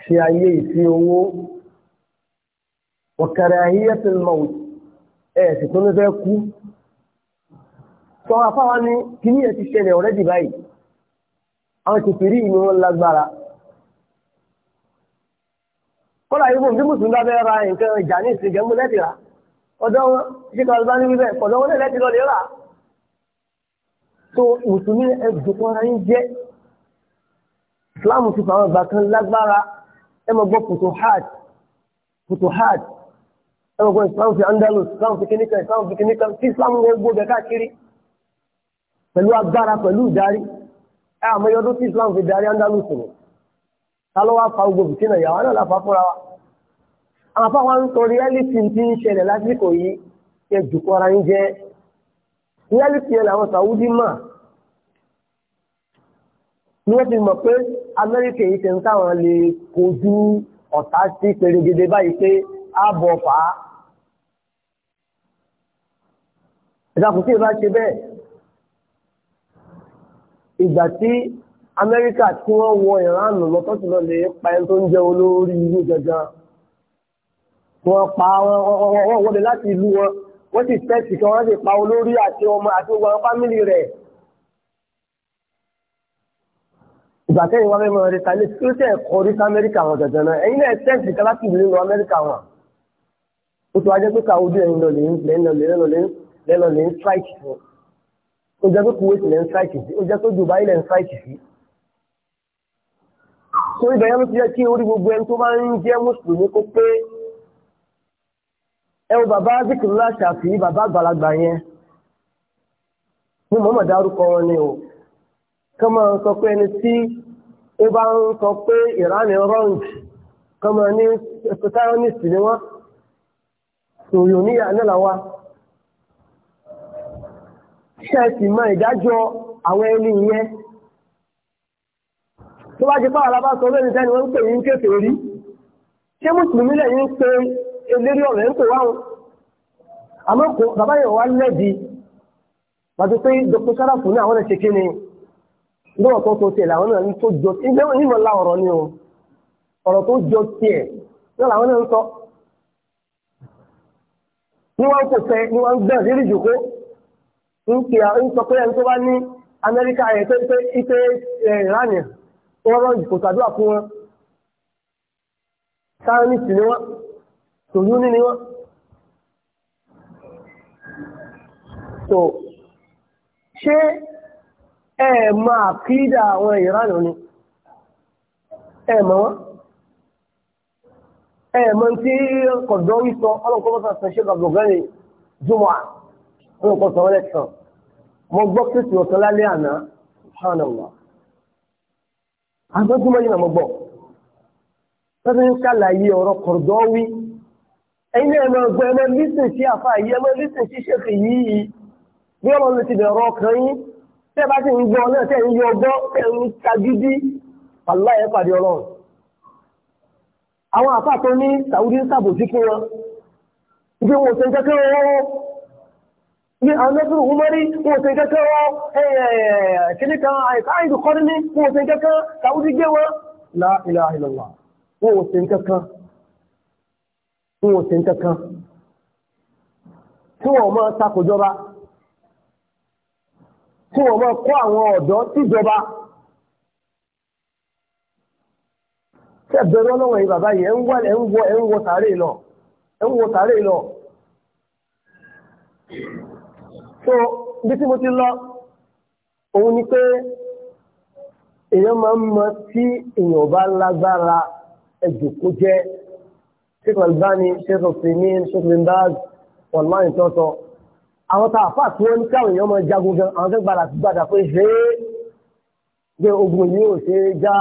ìfẹ́ ayé ìfẹ́ owó wọ́kàrà ayé ẹ̀sìn mọ́wù ẹ̀ ẹ̀sìn tó ní fẹ́ kú sọ afáwa ní kíní ẹ̀ ti ṣẹlẹ̀ ọ̀rẹ́dì báyìí àwọn kìfìrí ni wọ́n lágbára kọ́lá yóò bí mùsùlùmí bá fẹ́ ra nǹkan ìjà ní ìsìn gẹ́gẹ́ lẹ́tì rà ọ̀dọ́ wọn ṣíkà ọ̀dọ́ ní wíwẹ̀ ọ̀dọ́ wọn lẹ́tì lọ́lẹ́ rà tó mùsùlùmí ẹ̀dùnkọ́ ara yín jẹ́ Islam ti fa àwọn ìgbà kan lágbára ẹ fi Andalus Islam fi kíníkan Islam fi kíníkan tí Islam ń gbó bẹ káàkiri pẹ̀lú agbára pẹ̀lú ìdarí ẹ àmọ́ ọdún tí Islam fi darí Andalus ni ta ló wá fa gbogbo bìtínà ìyàwó náà láfa fúnra wa àwọn afáwọn ń Saudi mà ni wọ́n ti mọ̀ pé Amẹ́ríkà yìí ṣe ń táwọn lè kojú ọ̀tá sí pèrègede báyìí pé ààbọ̀ fà ìdàkùn tí ì ṣe bẹ́ẹ̀ ìgbà tí amẹ́ríkà tí wọ́n wọ iran lọ tó ti lọ lè pa ẹni tó ń jẹ́ olórí ìlú gangan wọ́n pa wọ́n wọlé láti ìlú wọn wọ́n sì tẹ́sì kan wọ́n sì pa olórí àti ọmọ àti gbogbo àwọn fámìlì rẹ̀. ìgbà tẹ́yìn wọn mẹ́rin rẹ̀ tàbí tí ó tẹ̀ kọ́ orí sí amẹ́ríkà wọn gangan náà ẹ̀yin náà tẹ́sì kan láti ìlú amẹ́ríkà wọn. ó ti wá jẹ́ pé káwọn ojú ẹ̀yin lọ lè ń lọ lè ń lọ lè ń lọ lè ń strike fún un ó jẹ́ pé Kuwait lẹ́ ń sáìkì sí ó jẹ́ pé Dubai lẹ́ ń sáìkì sí. so ibẹ̀ yẹn ló ti jẹ́ kí orí gbogbo ẹni tó bá ń jẹ́ mùsùlùmí kó pé ẹ wo bàbá zikirila ṣàfi bàbá àgbàlagbà yẹn ní mọ́mọ́ dárúkọ wọn ni o kọ́ sọ pé ẹni tí ó bá ń sọ pé ìránì rọ́ǹgì kọ́ máa ní ẹ̀kọ́táyọ́nìsì ni wọ́n sòyò níyà náà làwọn ṣẹ́ẹ̀sì mọ ìdájọ́ àwọn ẹni yẹn tó bá jẹ́ pàwọn alábá sọ lórí ìdáni wọ́n ń pè yín kéfèé rí ṣé mùsùlùmí lẹ́yìn ń pe eléré ọ̀rẹ́ ń pè wáhùn àmọ́ kò bàbá yẹn wá lẹ́bi pàtó pé dr sáràfù ní àwọn náà ṣe kí ni lọ́wọ́ tó tó tiẹ̀ làwọn náà ń tó jọ ilé ìmọ̀ ńlá ọ̀rọ̀ ni o ọ̀rọ̀ tó jọ tiẹ̀ náà làwọn náà ń sọ ni wọ́n kò fẹ́ ni wọ́n ń gbẹ̀ lérí jòkó ń pè ń sọ pé ẹni tó bá ní amẹ́ríkà ẹ̀ pé pé ipe ìránì wọ́n rán ìkò tàdúrà fún wọn sáyẹ́nìsì ni wọ́n tòyúní ni wọ́n. so ṣé ẹ máa kídà àwọn ìránì ni ẹ mọ̀ wọ́n ẹ mọ̀ tí kọ̀dọ̀ ń sọ ọlọ́kọ́ mọ́sán ṣe gbàgbọ́gán ni jùmọ̀ àwọn ọkọ̀ sọ̀rọ̀ lẹ́sàn-án mo gbọ́ kéèsì ọ̀sán lálẹ́ àná subhanallah àgbẹ̀gbọ́n yìí náà mo gbọ́ tọ́sí ń ṣàlàyé ọ̀rọ̀ Qardawi ẹ̀yin náà ẹ̀mọ ọgbọ́n ẹ̀mọ lísìn sí àfa yìí ẹ̀mọ lísìn sí ṣèkì yìí bí ọmọ mi ti bẹ̀rọ ọkàn yín tẹ́ bá ti ń gbọ́ náà tẹ́ ń yọ ọgbọ́ tẹ́ ń tagídí pàlá ẹ̀ pàdé ọlọ́run àwọn àfa tó ní Saudi ń ṣàbòsí fún wọn ibi wọn ò sẹ́ńtẹ́ kí wọ́n ní àmẹ́sùn umari wọ́n kẹ́kẹ́ wọ́n kìníkan àìsáàìdù kọ́rí ní wọ́n kẹ́kẹ́ sàúdí gé wọ́n la ilaha illallah wọ́n kẹ́kẹ́ tí wọ́n máa takòjọba tí wọ́n máa kọ́ àwọn ọ̀dọ́ síjọba tẹ́bẹ̀rẹ̀ ọlọ́wọ̀ yìí bàbá yìí ẹ̀ so bí tí mo ti lọ òun ni pé èèyàn máa ń mọ tí èèyàn bá lágbára ẹjòkó jẹ Sheikh Albani Sheikh Al-Faymin Sheikh Bin Baz wàlúwàyìn tọ́tọ́ àwọn tá a fà tí wọ́n ní káwọn èèyàn máa jagun gan àwọn tó gbàdà gbàdà pé ṣe é pé ogun yìí ò ṣe é já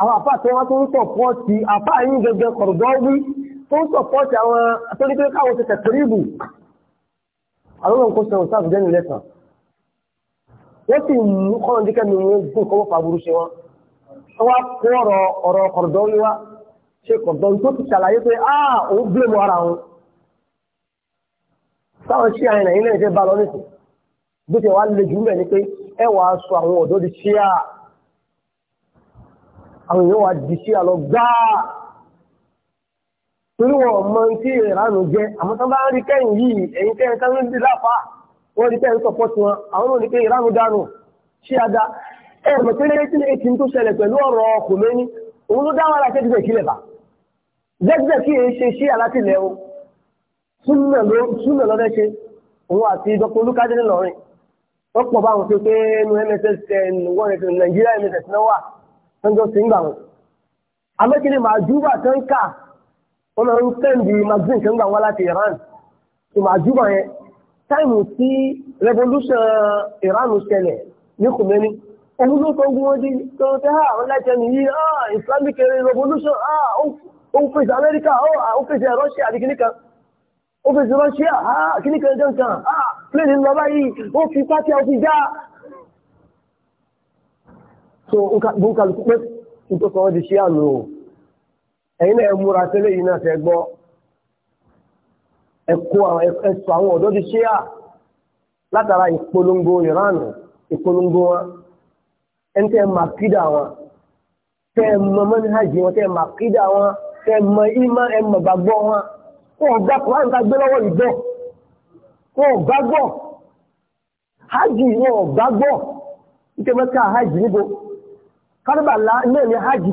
àwọn àfà tí wọ́n tó ń sọ̀pọ̀tì àfà yìí gẹ́gẹ́ kọ̀rọ̀dọ́wí tó ń sọ̀pọ̀tì àwọn àtọ́nípé káwọn ti tẹ̀kẹ́rìbù àwọn ọ̀nkọ́ sọ̀rọ̀ sáà jẹ́ nílẹ̀ kan wọ́n sì mú kọ́nà díkẹ́ mi wọ́n gún kọ́wọ́ fàbúrú ṣe wọn wọ́n wá kó ọ̀rọ̀ ọ̀rọ̀ kọ̀dọ̀ọ́rí wá ṣe kọ̀dọ̀ọ́rí tó ti ṣàlàyé pé áà ah, òun gbé mọ́ ara wọn táwọn ṣí àyìnà yìí lẹ́yìn tẹ́ bá lọ nìkan bí tí wàá lè jù mẹ́ pé ẹ wàá sọ àwọn ọ̀dọ́ di ṣíà àwọn èèyàn wàá di ṣíà lọ gbáà torí wọn mọ tí ìranù jẹ àmọ́ tán bá ń rí kẹ́yìn yìí ẹ̀yìn kẹ́yìn tán ń bí láfa wọ́n rí kẹ́yìn sọ̀pọ̀ tiwọn àwọn náà ní pé ìranù dànù ṣí ada ẹ mọ̀ pé lẹ́yìn tí lè ti ń tó ṣẹlẹ̀ pẹ̀lú ọ̀rọ̀ Khomeini òun ló dá wọn láti ẹ̀dígbẹ̀ kílẹ̀ bá zẹ́gbẹ̀ kí èyí ṣe ṣí alátìlẹ̀ o súnmọ̀ lọ́dẹ́ ṣe òun àti Dr. Olúkádé ńlọrin wọ́n pọ̀ báwọn pé pé nu MSS wọ́n rẹ̀ Nàìjíríà MSS náà wà tọ́jọ́ sí ń gbà wọn wọ́n máa ń sẹ́ndì magazine kan gbà wá láti Iran ìmọ̀ àjùbọ̀ yẹn táìmù tí revolution Iran ṣẹlẹ̀ ní kùmẹ́ni òun ló tó gún wọn di tó tẹ́ ha àwọn láti ẹni yìí ah Islamic revolution ah ó ń fèsì Amẹ́ríkà ó fèsì Russia àti kìnìkan ó fèsì Russia ah kìnìkan jọ̀ǹkan ah plẹ́ẹ̀nì lọ báyìí ó fi pátí ó fi já so nǹkan kúpẹ́ nítorí wọ́n di ṣíà lò ó. ẹ̀yin náà ẹ múra tẹ́lẹ̀ yìí náà fẹ́ gbọ́ ẹ kó àwọn latara sọ látara ìpolongo Iran ìpolongo wọn ẹni tẹ́ ẹ máa kídà wọn tẹ́ ẹ mọ wọn tẹ́ ẹ máa kídà wọn tẹ́ ẹ mọ ìmọ̀ ẹ mọ̀ gbàgbọ́ wọn kó o gbà kúrò àǹtá gbé lọ́wọ́ ìgbọ́ kó o gbàgbọ́ hajj wọn ò gbàgbọ́ hajj níbo kárìbàlá náà ni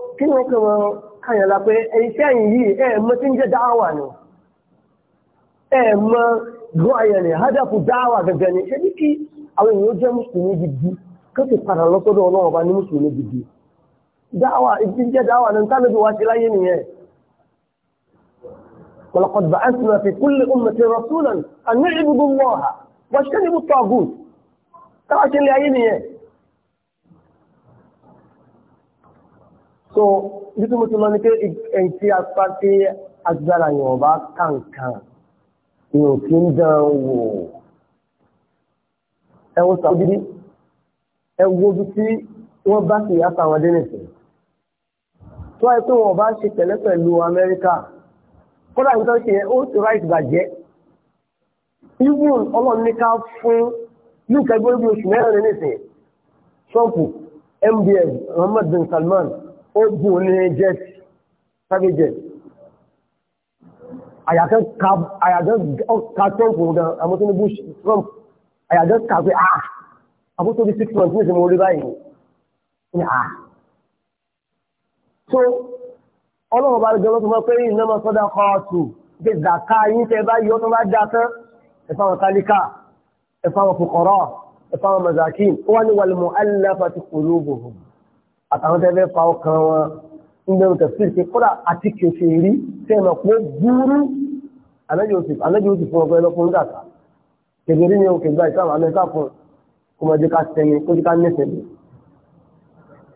kí ni wọ́n kàn wọ́n kàyàn la pé iṣẹ́ yìí ẹ̀ mọ́ tí ń jẹ́ dáwà ni ẹ̀ mọ́ gbọ́ àyàn ni hádàpù dáwà gẹ́gẹ́ ni ṣé ní kí àwọn èèyàn jẹ́ mùsùlùmí gidi kó sì padà lọ́sọ́dọ̀ ọlọ́run ní mùsùlùmí gidi dáwà ìdí jẹ́ ni nítorí bí so bí tí mo ti lọ ní pé ẹ̀ǹtí apá tí agbára yẹn ọba kàǹkàn èèyàn kì í dán wò ẹ wo sàbídí ẹ wo bí tí wọ́n bá sì yá sáwọn dénìsì tó wáyé pé wọn bá ṣe tẹ̀lé pẹ̀lú Amẹ́ríkà kódà nítorí ṣe yẹn ó ti ráìtì bàjẹ́ even ọlọ́run ní ká fún yíkà gbọ́dọ̀ bí oṣù mẹ́rin nísìnyí Trump MBS Mohammed bin Salman ó gùn ní jet private jet àyàkẹ́ ka àyàkẹ́ ka Trump gan amótóní Bush Trump àyàkẹ́ ka pé ah, months ní ìsinmi orí báyìí ní ah so ọlọ́run bá gbọ́ lọ́tọ́ mọ́ pé iná máa sọ́dá kọ́ ọ̀tù gbé zàká yín tẹ́ bá yọ́ tó bá dá tán ẹ̀fọ́ kálíkà ẹ̀fọ́ fòkọ̀rọ̀ ẹ̀fọ́ àwọn mazakin ó wà ní wàlúmọ̀ aláfàtì kòlóògùn àtàwọn tẹ́lẹ̀ fa ọkàn wọn ń bẹ̀rù tẹ̀sí ṣe kódà àti kèsè rí sẹ́nà pé búrú alẹ́jọ́ ti fún ọgbẹ́ lọ́kùnrin dàtà kèsè rí ni o kègbà ìsáwà amẹ́ta fún kó mọ̀ jẹ́ ká sẹ́ni kó jẹ́ ká nẹ́sẹ̀ lé.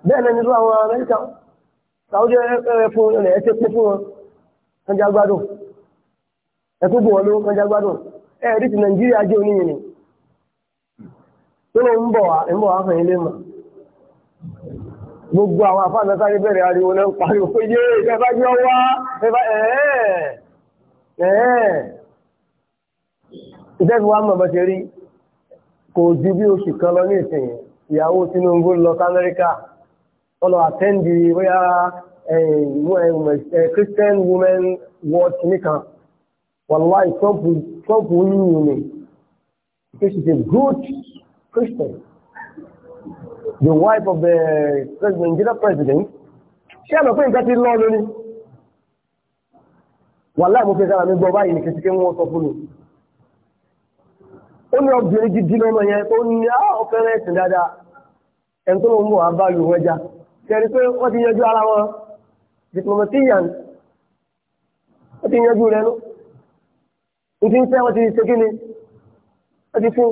bẹ́ẹ̀ náà nínú àwọn amẹ́ríkà sàwọ́dí ẹ̀rẹ́ eh, eh, fún ẹ̀ eh, ẹ̀ ṣe pé fún wọn kan já gbádùn ẹ̀ tó bù wọn lówó kan gbádùn ẹ̀ rí ti nàìjíríà jẹ́ oníyìnrìn tó lọ ń bọ̀ wá ń bọ̀ wá fẹ̀yìn lé mọ̀ gbogbo àwọn afáàmẹ́sáré bẹ̀rẹ̀ ariwo náà ń pariwo pé yé ẹ̀fà jọ wá ẹ̀fà ẹ̀ẹ́ ìtẹ́fì wa mọ̀ bá ṣe rí kò ju bí oṣù kan lọ ní ìsìn ìyàwó Tinubu lọ sí Amẹ́ríkà wọ́n lọ bóyá Christian women watch nìkan wàláì Trump yìnyín ni he is a good Christian the wife of the president Nigeria president ṣé àmọ́ pé nǹkan ti lọ lórí wàhálà mo fẹ́ sára mi gbọ́ báyìí ní kẹsíkẹ́ wọn sọ fún mi ó ní obìnrin gidi lọ́mọ yẹn tó ní ọ̀fẹ́rẹ́ ah, ẹ̀sìn dáadáa ẹni tó ń bọ̀ wá bá yòówọ́ já kẹrin pé wọ́n ti yanjú ara wọn diplomatiyan wọ́n ti yanjú rẹ̀ nù ní wọ́n ti ṣe kí ni wọ́n ti fún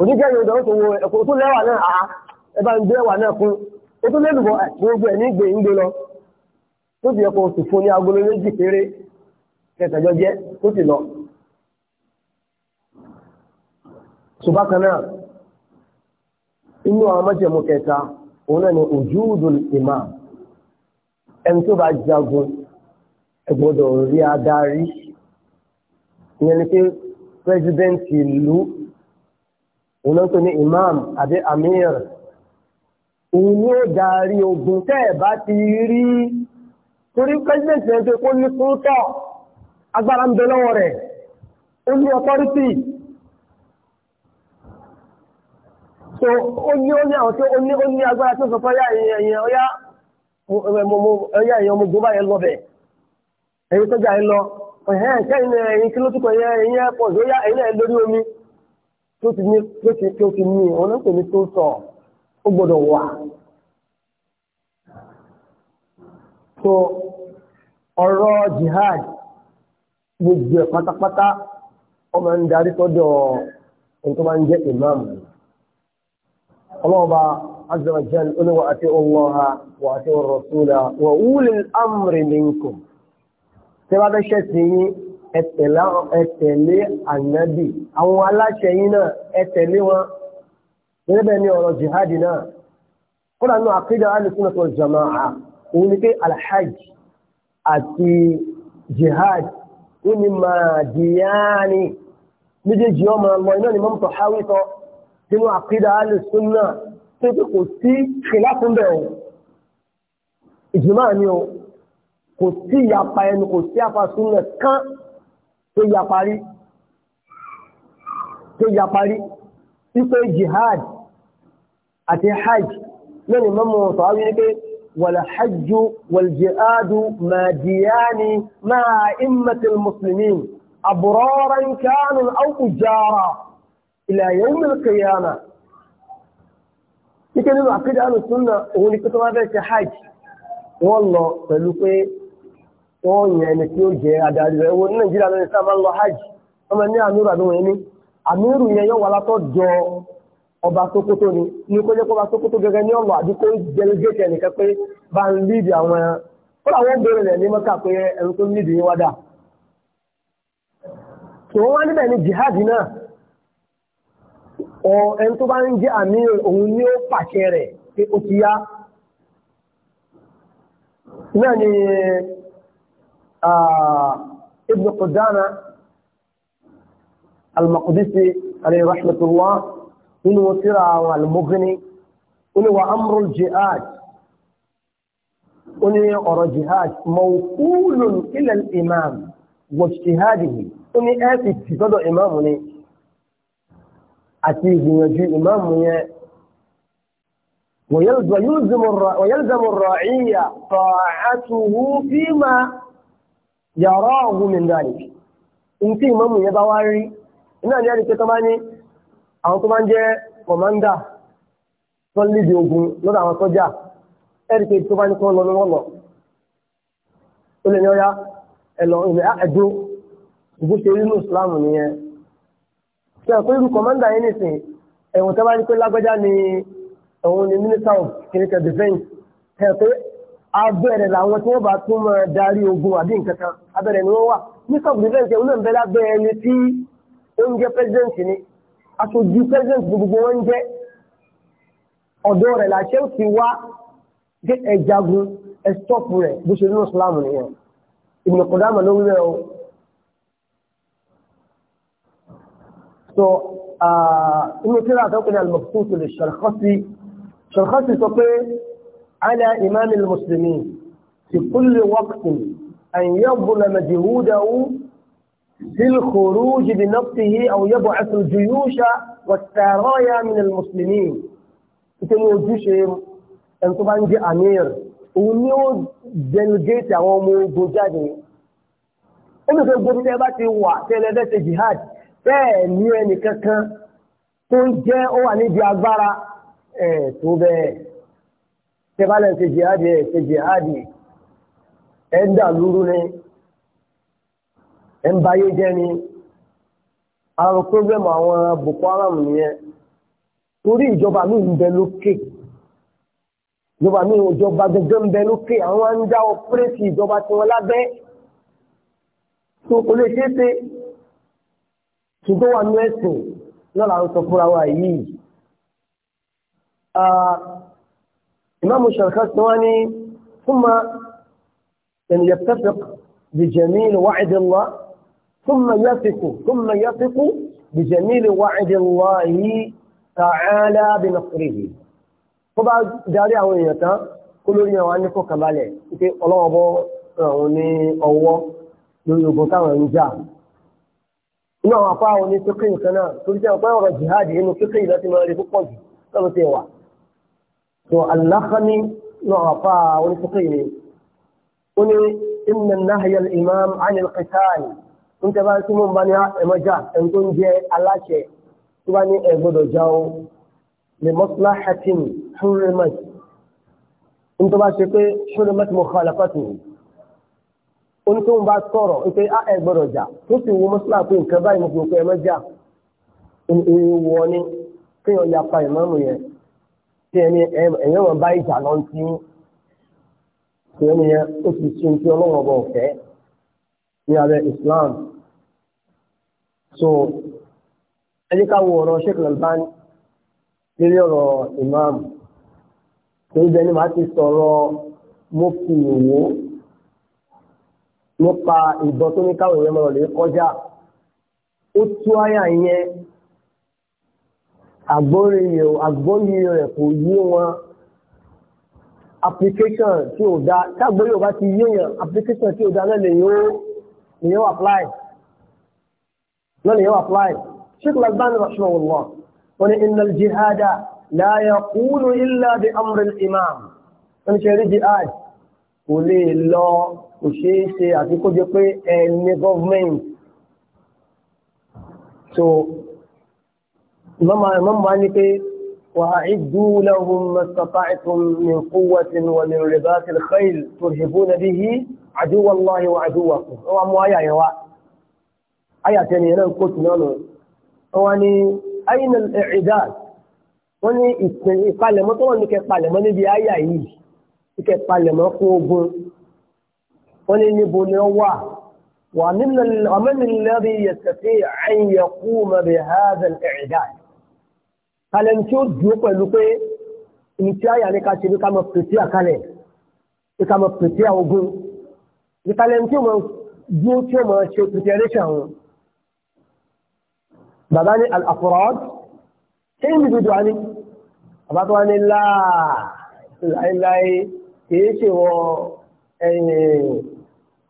oníjẹ́ yorùbá ó tó wo ẹ̀kọ́ tó lẹ́wà náà àá ẹ bá ń gbé ẹ̀wà náà kún ó tó lẹ́lùbọ̀ gbogbo ẹ̀ ní gbè ń gbé lọ tó fi ẹ̀kọ́ oṣù fún ní agolo méjì ni ojúdùn ìmà ẹni òun náà ní imam àbí amir òun ni ó darí ogun tẹ́ bá ti rí torí president yẹn tó kó ní kúrútọ̀ agbára ń bẹ lọ́wọ́ rẹ̀ ó ní authority so ó ní ó ní àwọn tí ó ní ó ní agbára tó eyi fọ́yà èèyàn ọmọ ogun báyẹn lọ bẹ̀ ẹ̀yin sọ́jà yẹn lọ ẹ̀hẹ́n kẹ́yìn ẹ̀yin ya ló tó ti ní tó ti tó ti ní òun náà pè ní tó sọ ó gbọ́dọ̀ wà. so ọ̀rọ̀ jihad gbogbo ẹ̀ pátápátá wọ́n máa ń darí sọ́dọ̀ ẹni tó máa ń jẹ́ imam. ọlọ́ọ̀ba azza wa jal ó ní wa ati'u Allaha wa ati'u ar-rasula wa ulil amri minkum. tí wọ́n bá yín ẹ̀tẹ̀lé ànábì àwọn aláṣẹ yín náà ẹ̀tẹ̀lé wọn níbẹ̀ ni ọ̀rọ̀ jihad náà kódà náà àkídà alùsùnà tó jama'a òun ni pé alhaj àti jihad ó ní máa dìyáni méjèèjì ọmọ ọmọ iná ni mọ́mùtò háwí sọ nínú àkídà alùsùnà tó pé kò kan tó ya parí tó ya parí ipe jihad àti hajj lẹ́nu mọ́mọ́ sọ̀rọ̀ wípé والحج والجهاد ماديان مع أئمة المسلمين أبرارا كانوا أو فجارا إلى يوم القيامة ìkẹ́ nínú àkídà àlùsùn náà òun ni kí tó bá fẹ́ ṣe hajj wọ́n lọ pẹ̀lú pé tó ya ni tí ó jẹ́ adarí rẹ̀ wo ní nàìjíríà lónìí ń lọ hajj ọmọ ní nye àbí wọ̀nyí ni àmírù yẹn yóò wà látọ̀ jọ ọba Sókótó ni ní kó jẹ́ kó ọba Sókótó gẹ́gẹ́ ní ọ̀lọ́ àbí kó delegate ẹnìkan pé bá ń lídìí àwọn ẹran làwọn obìnrin rẹ̀ ní pé ẹni tó yín wádà ni jihad náà ọ ẹni tó bá ń òun ni ó pàṣẹ rẹ̀ آه، ابن قدامة المقدسي عليه رحمة الله إنه ترى والمغني إنه أمر الجهاد إنه أرى جهاد موكول إلى الإمام واجتهاده إنه آتي اتفاد إمامني أتيه يجي إمامني ويلزم الرعية طاعته فيما yàrá ọ̀hún mi dàlí ní tí ìmọ̀mù yẹn bá wá rí iná ní ẹni pé tó máa ní àwọn ogun lọ́dọ̀ àwọn sọ́jà ẹni pé tó máa ní kí wọ́n lọ ní wọ́n lọ ó lè ní ọ̀yá ẹ̀lọ ìwé àjò ni ni minister of abẹ́rẹ̀ làwọn tí wọ́n bá tún máa darí ogun àbí nǹkan abẹ́rẹ̀ ni wọ́n wà ní sọ́ọ̀bù bẹ́ẹ̀ jẹ́ onáà lábẹ́ ẹni tí ó ń jẹ́ president ni aṣojú president ni gbogbo wọn ń jẹ́ ọ̀dọ́ rẹ̀ làṣẹ ti wá gé ẹ̀jagun ẹ̀ stọ́ọ̀pù rẹ̀ bó ṣe nínú ìsìlámù nìyẹn Ibn Qudama ló ń rẹ̀ o. so ah, inú tíra àtọ́kùnrin al-Mabsut lè ṣàlùkọ́sí ṣàlùkọ́sí sọ pé على إمام المسلمين في كل وقت أن يظلم جهوده في الخروج بنفسه أو يبعث الجيوش والسرايا من المسلمين يتمو جيش إيه؟ أن تبان أمير ونيو جنجيت ومو بجاني إنه في الجنجيت باتي هو تلدى تجهاد تنيني ككا تنجي أواني بيعبارة إيه توبه tẹ́bálẹ̀ ṣe jihadi ẹ̀ ṣe jihadi ẹ̀ ń dà lúrú ni ẹ̀ ń bayé jẹ́ ni àwọn pírọ́blẹ́mù àwọn Boko Haram nìyẹn torí ìjọba mi ń bẹ lókè ìjọba mi ìjọba gẹ́gẹ́ ń bẹ lókè àwọn á ń dá ọpẹ́rẹ́sì ìjọba tiwọn lábẹ́ tó kò lè ṣeé ṣe ṣùgbọ́n wà nú ẹ̀sìn náà là sọ fúnra wa yìí. Ah, إمام الشركات ثم أن يتفق بجميل وعد الله ثم يثق ثم يثق بجميل وعد الله تعالى بنصره طبعا جاري أو كل يوم أنك كمالة إنتي الله أبو أوني أو لو يبغى كمان جا إنه أبا أوني فقيه كنا كل شيء أبا وجهاد إنه فقيه لا ما يفقه كم سواه to al-Lakhmi náà fa oníṣẹ́kẹ́ yìí ó ní inna nahya al-imam an al-qital ń tẹ́ bá ń símú bá ní ah, ẹ̀mọ́jà ẹ̀ń tó ń jẹ́ aláṣẹ tó bá ní ẹ̀ gbọ́dọ̀ já o li maslahatin hurrimat tó bá ṣe pé hurrimat mukhalafatuhu oní tó ń bá sọ̀rọ̀ pé a ah, ẹ̀ jà tó sì wo mọ́sálà pé nǹkan báyìí mo fi òkú ẹ mọ́ jà ni kéèyàn ya pa ìmọ̀ọ́mù yẹn tí ẹni ẹ̀yọ́ wọn bá ìjà lọ sí tí ẹni yẹn ó ti ṣe ti ọlọ́wọ́ bọ̀ fẹ́ ní abẹ́ Islam so ẹni ká wo ọ̀rọ̀ Sheikh al lórí ọ̀rọ̀ imam tó ń bẹni máa ti sọ̀rọ̀ mọ́fì òwò nípa ìbọn tó ní káwọn èèyàn mọ̀rọ̀ lè kọjá ó tú àyà yẹn àgbóyè rẹ̀ kò yí wọn application tí ò dá tágbóyè ò bá ti yéèyàn application tí ò dá náà lèyìn ó lèyìn ó apply náà lèyìn ó apply sheikh lasbani wọn ni innal jihada la yaqulu illa bi amri imam wọn ṣe rí jihad kò lè lọ kò ṣeé ṣe àti kó jẹ pé ẹni gọ́ọ̀mẹ̀ntì so مم وأعدوا لهم ما استطعتم من قوة ومن رباط الخيل ترهبون به عدو الله وعدوكم هو مو آية يوا آية ثانية أنا قلت نانو واني أين الإعداد واني قال ما طول نك قال ما نبي آية إيه نك واني نبون يوا ومن الذي يستطيع أن يقوم بهذا الإعداد kalẹ̀ni tí ó dúró pẹ̀lú pé ní tí àyà ní ká ṣe ní ká mọ pèsè àkálẹ̀ ní ká mọ pèsè àwogún ní kalẹ̀ni tí ó mọ dúró tí ó mọ ṣe preparation wọn. bàbá ní al-afrad ṣé individual ni bàbá tó wá ní láàláì kìí ṣe wọ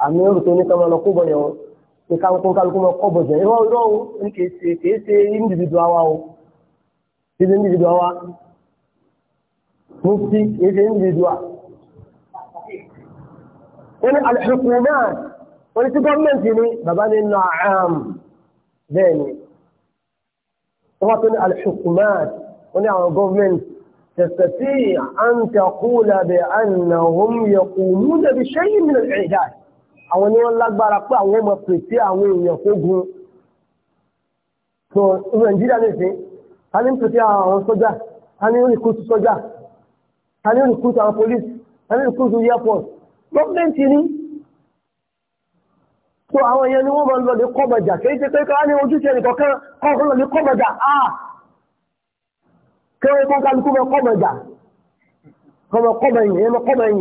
àmì olùtò ní kọ́mọ lọ kóbọ̀ yẹn ní kálukú kálukú mọ kọ́bọ̀ jẹ́ irọ́ irọ́ kìí ṣe individual wa o ṣe ṣe individual wa mufti ṣe ṣe individual wọ́n ní alhukumat wọ́n ní tí gọ́ọ̀mẹ̀ntì bàbá ní naam bẹ́ẹ̀ ni wọ́n tó ní alhukumat wọ́n ní àwọn gọ́ọ̀mẹ̀ntì تستطيع أن تقول بأنهم يقومون بشيء من الإعداد àwọn ni wọ́n lágbára pé àwọn ọmọ pèsè àwọn èèyàn fógun so nàìjíríà lè a ní pèsè àwọn sọ́jà a ní rìkútù sọ́jà a ní rìkútù àwọn police a ní rìkútù airport gọ́ọ̀mẹ́ntì ni so àwọn èèyàn ni wọ́n máa ń lọ lè kọ́bàjà kì í ṣe pé káwọn ní ojúṣe nìkan kan kọ́ lọ lè kọ́bàjà á kí wọ́n kọ́ kálukú mọ́ kọ́bàjà kọ́mọ kọ́bàyìn ẹ̀mọ kọ́bàyìn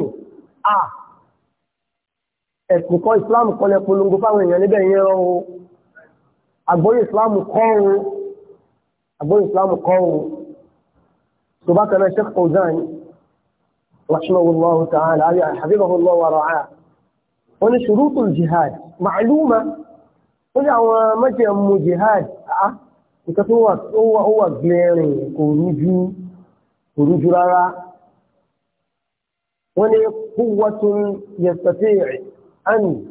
à ẹ̀sùn kọ́ ìsìláàmù kọ́lẹ̀ polongo fáwọn èèyàn níbẹ̀ yẹn o àgbọ́yé ìsìláàmù kọ́ o. أقول الإسلام قوم سباك ما شيخ قوزان رحمه الله تعالى حفظه الله ورعاه هنا شروط الجهاد معلومة هنا هو مجمو جهاد آه؟ هو هو هو غيري كوريجو كوريجو رارا هنا قوة يستطيع أن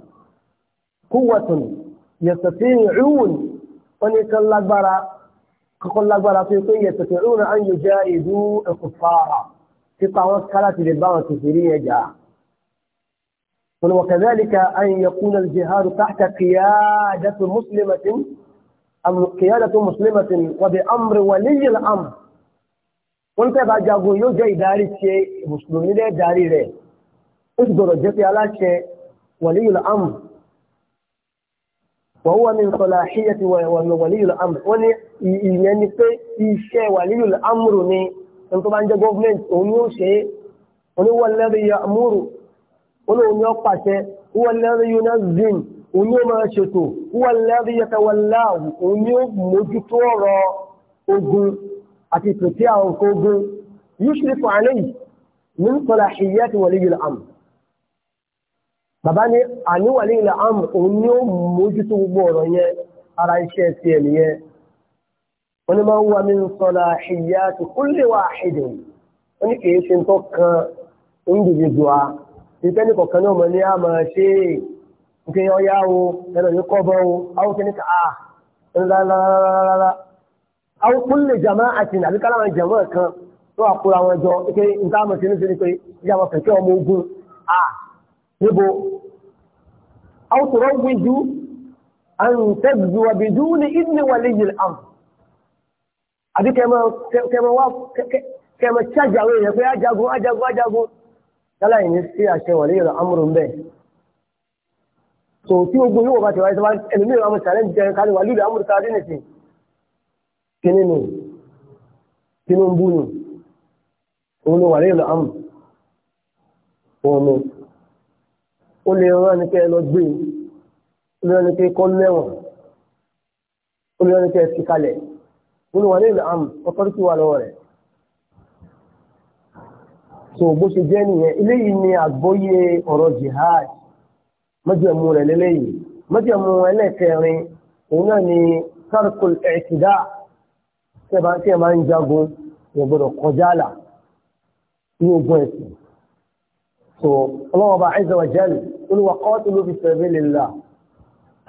قوة يستطيعون هنا كالأكبر كقول لك بلاطيطية تدعون أن يجاهدوا الكفار في طاوس كلاتي للبابا كثيرية جاء وكذلك أن يكون الجهاد تحت قيادة مسلمة أم قيادة مسلمة وبأمر ولي الأمر وانت بعد جاءوا يجي داري شيء مسلمين داري ذي اصدر الجهاد على شيء ولي الأمر wọ́wọ́ mi sọlá ṣíyẹ́tì wàlíyùl amr wọ́n ní ìyẹn ni pé iṣẹ́ wàlíyùl amr ni ní tó bá ń jẹ́ gọ́ọ̀mẹ̀ntì òun yóò ṣe é oníwọ̀lẹ́rì ya'muru olóòun yóò pàṣẹ wọ́lẹ́rì yunazim òun yóò máa ṣètò wọ́lẹ́rì yatawalla òun yóò mójútó ọ̀rọ̀ ogun àti ìpèsè àwọn nǹkan ogun yusuf alayhi min sọlá ṣíyẹ́tì wàlíyùl amr bàbá ní àníwàlé ilẹ̀ am òun ni ó mójútó gbogbo ọ̀rọ̀ yẹn ara iṣẹ́ ti ẹ̀ nìyẹn wọ́n ní máa ń wà mí ń sọ̀rọ̀ àṣìyá ti kulli wahidin wọ́n ní kìí ṣe ń tọ́ kan individual ìtẹ́ni kọ̀ọ̀kan náà mọ̀ ní a máa ṣe é nke ọya wo ẹ̀rọ yìí kọ́ bọ́ àwọn kìíní ká a ńláńláńláńlá ah, àwọn kulli jama'atin àbí káláwọn jàmáà kan tó àkóra wọn jọ pé nǹkan àmọ̀ níbo àwòtòrò gbìjú àǹtẹ́gbù àbìjú ní ìdílé wà lè yìí àm àbí kẹmọ chájà àwọn èèyàn pé ajagun ajagun ajagun láláì ní sí àṣẹ wà lè yìí àmúrò ń so tí ogun yóò bá ti wáyé sábà ẹlòmíràn àmọ́ sàrẹ́ ń jẹun káni wà lílẹ̀ àmúrò sára dínì ó lè rán ni kẹ́ ẹ lọ gbé ó lè rán ni kẹ́ ẹ kọ́ lẹ́wọ̀n ó lè rán ni kẹ́ ẹ fi kalẹ̀ olùwà lè làm ọtọ́rìtì wà lọ́wọ́ rẹ̀ so bó ṣe jẹ́ nìyẹn eléyìí ni àgbóyè ọ̀rọ̀ jihad májẹ̀mú rẹ̀ lélẹ́yìí májẹ̀mú ẹlẹ́kẹrin òun náà ni tarkul ẹ̀tìdá tí ẹ máa ń jagun ẹ gbọ́dọ̀ kọjá là ní ogun ẹ̀sìn so ọlọ́wọ́ bá azza wa jalla. قل وقاتلوا في سبيل الله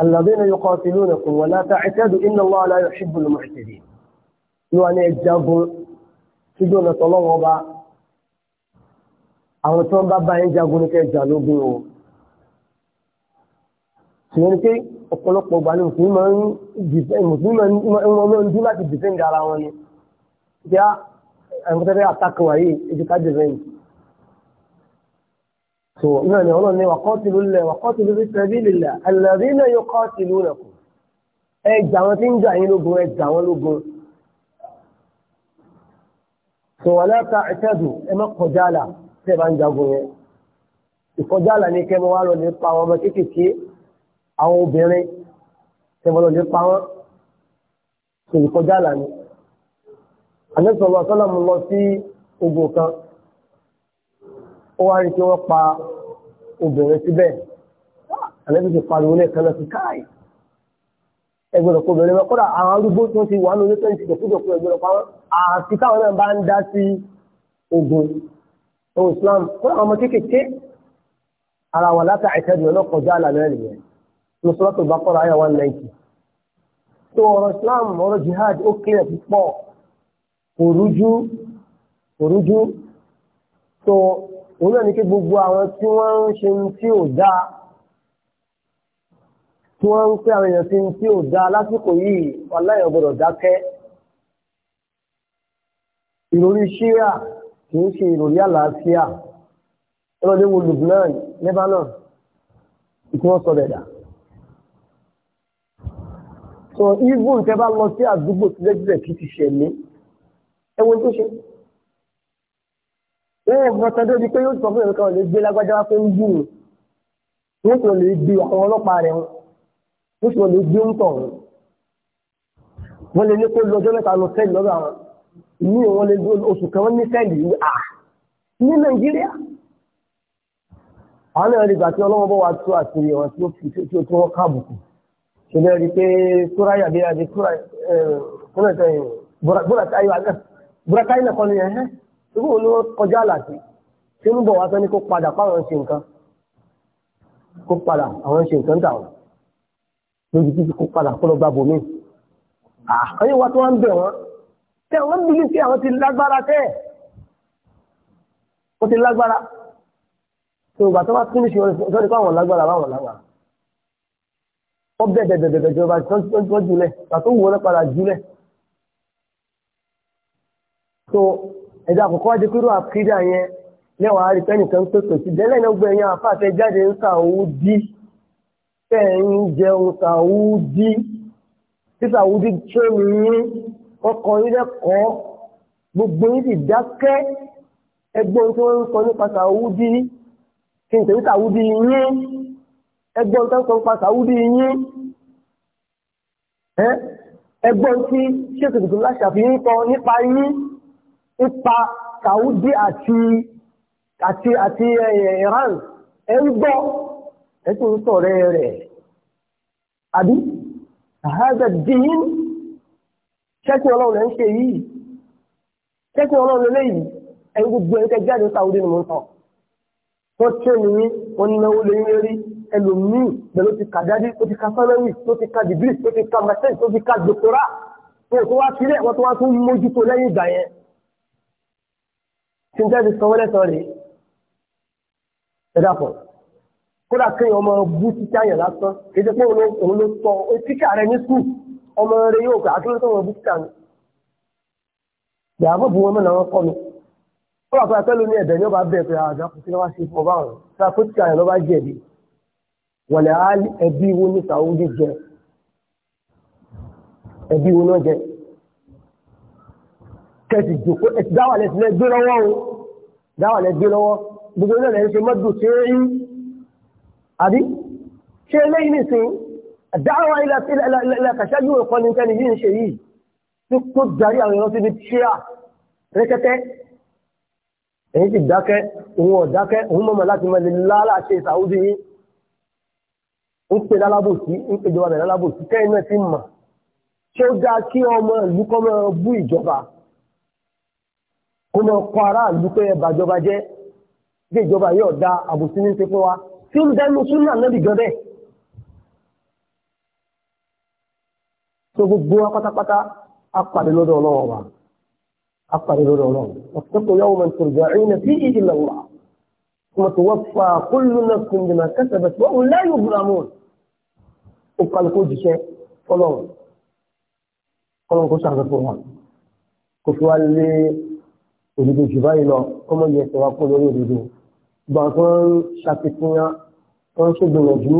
الذين يقاتلونكم ولا تعتدوا إن الله لا يحب المعتدين لأن يجابوا سجون طلوع وبا àwọn tí wọ́n bá bá yín jagun ní kẹjà lógún o ṣùgbọ́n ní pé ọ̀pọ̀lọpọ̀ ìgbà ni mùsùlùmí máa ń dìfẹ́ mùsùlùmí máa ń dún láti dìfẹ́ǹdì ara wọn ni bí i àwọn tẹ́tẹ́ àtàkùn wáyé èdè ká dìfẹ́ǹdì so náà ni ọlọ́run ní wàkọ́tìlú lẹ̀ wàkọ́tìlú fi sabilillah alladhina yuqatilunakum ẹ jà wọn tí ń jà yín lógun ẹ jà wọn lógun so wala ta'tadu ẹ má kọjá àlà tẹ́ bá ń jagun yẹn ìkọjá àlà ní kẹ́mọ́ wá lọ lè pa àwọn ọmọ kéékèèké àwọn obìnrin kẹ́mọ́ lọ lè pa wọn so ìkọjá àlà ni àlẹ́ sọ̀rọ̀ sọ́lá mo lọ sí ogun kan. ó wá rí i wọ́n pa obìnrin síbẹ̀ àlẹ́bí ti pariwo lẹ́ẹ̀kan lọ sí káàyè ẹgbẹ̀rún kò bẹ̀rẹ̀ kọ́dà àwọn arúgbó tó ti wà lórí tó ń ti dọ̀kúdọ̀kú ẹgbẹ̀rún àti táwọn náà bá ń dá sí ogun ohun Islam kọ́dà àwọn ọmọ kéékèèké ara wọn látà àìsàn ìrọ̀lọ́ kọjá àlànà rẹ̀ yẹn ní sọ́tò bá kọ́ra ayé one jihad ó òun náà ní kí gbogbo àwọn tí wọ́n ń ṣe ń tí ò dáa tí wọ́n ń pẹ́ àwọn èèyàn tí ń tí ò dáa lásìkò yìí aláìyàn gbọ́dọ̀ dákẹ́ ìròrí ṣíà kì í ṣe ìròrí àlàáfíà ọlọ́dẹ wo Lebanon Lebanon ìtumọ̀ sọ̀rọ̀ ẹ̀dá so even tẹ bá lọ sí àdúgbò tí lẹ́gbẹ̀ẹ́ kì í ti ṣẹ̀lẹ̀ ẹ̀wọ̀n tó ṣe wọ́n wọ́n bọ́ sọdọ́ di pé yóò sọ fún ẹ̀ka ò lè gbé lágbájá wá pé ń jù ní wọ́n sì lè gbé àwọn ọlọ́pàá rẹ̀ wọ́n sì lè gbé ń tọ̀ wọ́n lè ní kó lọ́jọ́ mẹ́ta lọ sẹ́ẹ̀lì lọ́dọ̀ àwọn ní ìwọ́n lè gbé oṣù kan wọ́n ní sẹ́ẹ̀lì yìí à ní Nàìjíríà àwọn ẹ̀rọ ìgbà tí ọlọ́wọ́ bọ́ wa tó àṣírí wọn tí ó fi tí ó tí wọ́n káàbùkù ṣùgbọ́n rí pé kúráyà bí adé kúráyà irú òun ni wọ́n kọjá àlàtì tí ń bọ̀ wá sọ ní kó padà páwọn ṣe nǹkan kó padà àwọn ṣe nǹkan dà wọ́n lójú títí kó padà kó lọ gba bòmí. àkànyè wa tó wá ń bẹ̀ wọ́n tẹ wọ́n bí sí àwọn ti lágbára tẹ́ wọ́n ti lágbára tó ìgbà tó bá tún ní ṣe wọ́n ní káwọn lágbára báwọn lágbára wọ́n bẹ̀ dẹ̀dẹ̀dẹ̀dẹ̀ jọba tó jùlẹ̀ pàtó wọ́n ẹ̀dá àkọ́kọ́ wájú kúrò àkídà yẹn lẹ́wàá rí pẹ́nìkan tó pè sí dẹ́lẹ́ náà gbọ́ ẹ̀yàn àfáàfẹ́ jáde ń Saudi tẹ̀ ń jẹun Saudi tí Saudi tẹ́mi yín ọkọ̀ yín lẹ́kọ̀ọ́ gbogbo yín sì dákẹ́ ẹgbọ́n tí wọ́n ń sọ nípa Saudi kí n tẹ̀lé Saudi yín ẹgbọ́n tí wọ́n ń sọ nípa Saudi yín ẹgbọ́n tí ṣètò ìdìbò láṣàfihàn kọ nípa yín ipa Saudi àti àti àti Iran ẹ̀ ń gbọ́ ẹ̀ ń sọ̀rọ̀ rẹ̀ àbí àhádà dín ṣẹ́kùn ọlọ́run lẹ́ ń ṣe yìí ṣẹ́kùn ọlọ́run lẹ́ yìí ẹ̀yin gbogbo ẹ̀yin jáde Saudi ni mo ń sọ wọ́n tẹ́ mi ní wọ́n náwó lé ní rí ẹlòmíì pẹ̀lú ti kàdádí ó ti ka sálẹ́wì ó ti ka dìgírì ó ti ka mẹ́tẹ́ẹ̀sì ó ti ka dòkórà wọn ò tó wá sílẹ̀ wọ́n tó wá tún mójútó lẹ́yìn ìgbà yẹn tí n tẹ́bi sanwó lẹ́sàn-án rè é dàpọ̀ kódà kéèyàn ọmọ bú títí àyàn lásán kì í ṣe pé òun ló sọ tíkà rẹ ní skul ọmọ rẹ yóò gbà kí ló sọ wọn bú títà mi ìyàbọ̀ bu wọn mọ̀ náà kọ́ mi kódà pé akẹ́lò ní ẹ̀bẹ̀ ni ó bá bẹ̀ pé ah, àjà kò sí lọ́wọ́ sí fún ọba ọ̀run tí a kó títà yẹn lọ́ba jẹ̀bi wọ̀lẹ̀ á ẹbí wo ní sàwọ́dì jẹ ẹbí wo náà jẹ kẹsì jòkó ẹsì dáwà lẹsì lẹ gbé lọ́wọ́ o dáwà lẹ gbé lọ́wọ́ gbogbo náà lẹ ń ṣe mọdò ṣe é yín àbí ṣe eléyìí nìsín dáwà ilẹ̀ kàṣájú ẹ̀kọ́ ni kẹ́ni yìí ń ṣe yìí tó tó darí àwọn ẹ̀rọ síbi ṣíà rẹ́kẹ́tẹ́ èyí sì dákẹ́ òun ọ̀dákẹ́ òun mọ̀mọ́ láti mọ̀ lè lálà ṣe ìsàwùdí yìí ń pè lálábòsí ń pè ìjọba bẹ̀rẹ̀ lálábòsí kẹ́yìn náà ti mọ̀ ṣé ó dáa kí ọmọ ìlú kọ́ mọ́ bú ìjọba kó mọ kọ aráàlú pé ẹbàjọba jẹ́ bí ìjọba yóò da àbòsí ní ṣe fún wa tí ń dẹnu súnà lẹ́bi gan bẹ́ẹ̀. tó gbogbo wa pátápátá a pàdé lọ́dọ̀ ọlọ́wọ́ wa a pàdé lọ́dọ̀ ọlọ́wọ́ ọ̀sẹ̀kọ̀ yàwó mọ̀ tòròjà ẹ̀yìn náà fi ìdí wa kuma tó wọ́n fa kúlù náà fún mi kẹsẹ̀ bẹ̀ tí wọ́n lẹ́yìn òbúra mọ́ ó kálí kó jíṣẹ́ fọlọ́run kọ́lọ́run kó ṣàgbẹ̀ fún wa kò fi wá lé òdodo jù báyìí lọ kọ́mọ yẹ ẹsẹ̀ wa kó lórí òdodo gbà tó ń ṣàfihàn tó ń ṣègbìyànjú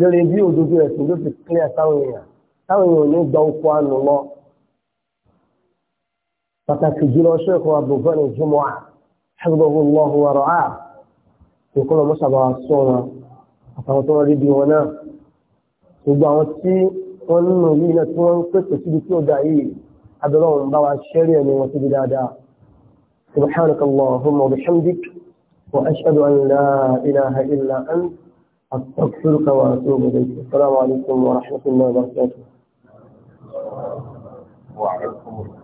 lórí bí òdodo ẹ̀sìn ló fi clear sáwọn èèyàn táwọn èèyàn ní gba oko àánú lọ pàtàkì jùlọ ṣẹ́kọ̀ àbùgbọ́n ìjùmọ̀ à ṣàgbọ́gbọ́ lọ́hùn ọ̀rọ̀ à nǹkan lọ́mọ sábà sọ wọn àtàwọn tó wọn rí bí wọn náà gbogbo àwọn tí wọn nínú yìí náà tí wọn ń pèsè síbi tí ó dà yìí abẹ́rẹ́ òun bá wa ṣẹ́rí ẹni wọn síbi dáadáa. سبحانك اللهم وبحمدك وأشهد أن لا إله إلا أنت أستغفرك وأتوب إليك السلام عليكم ورحمة الله وبركاته وعليكم السلام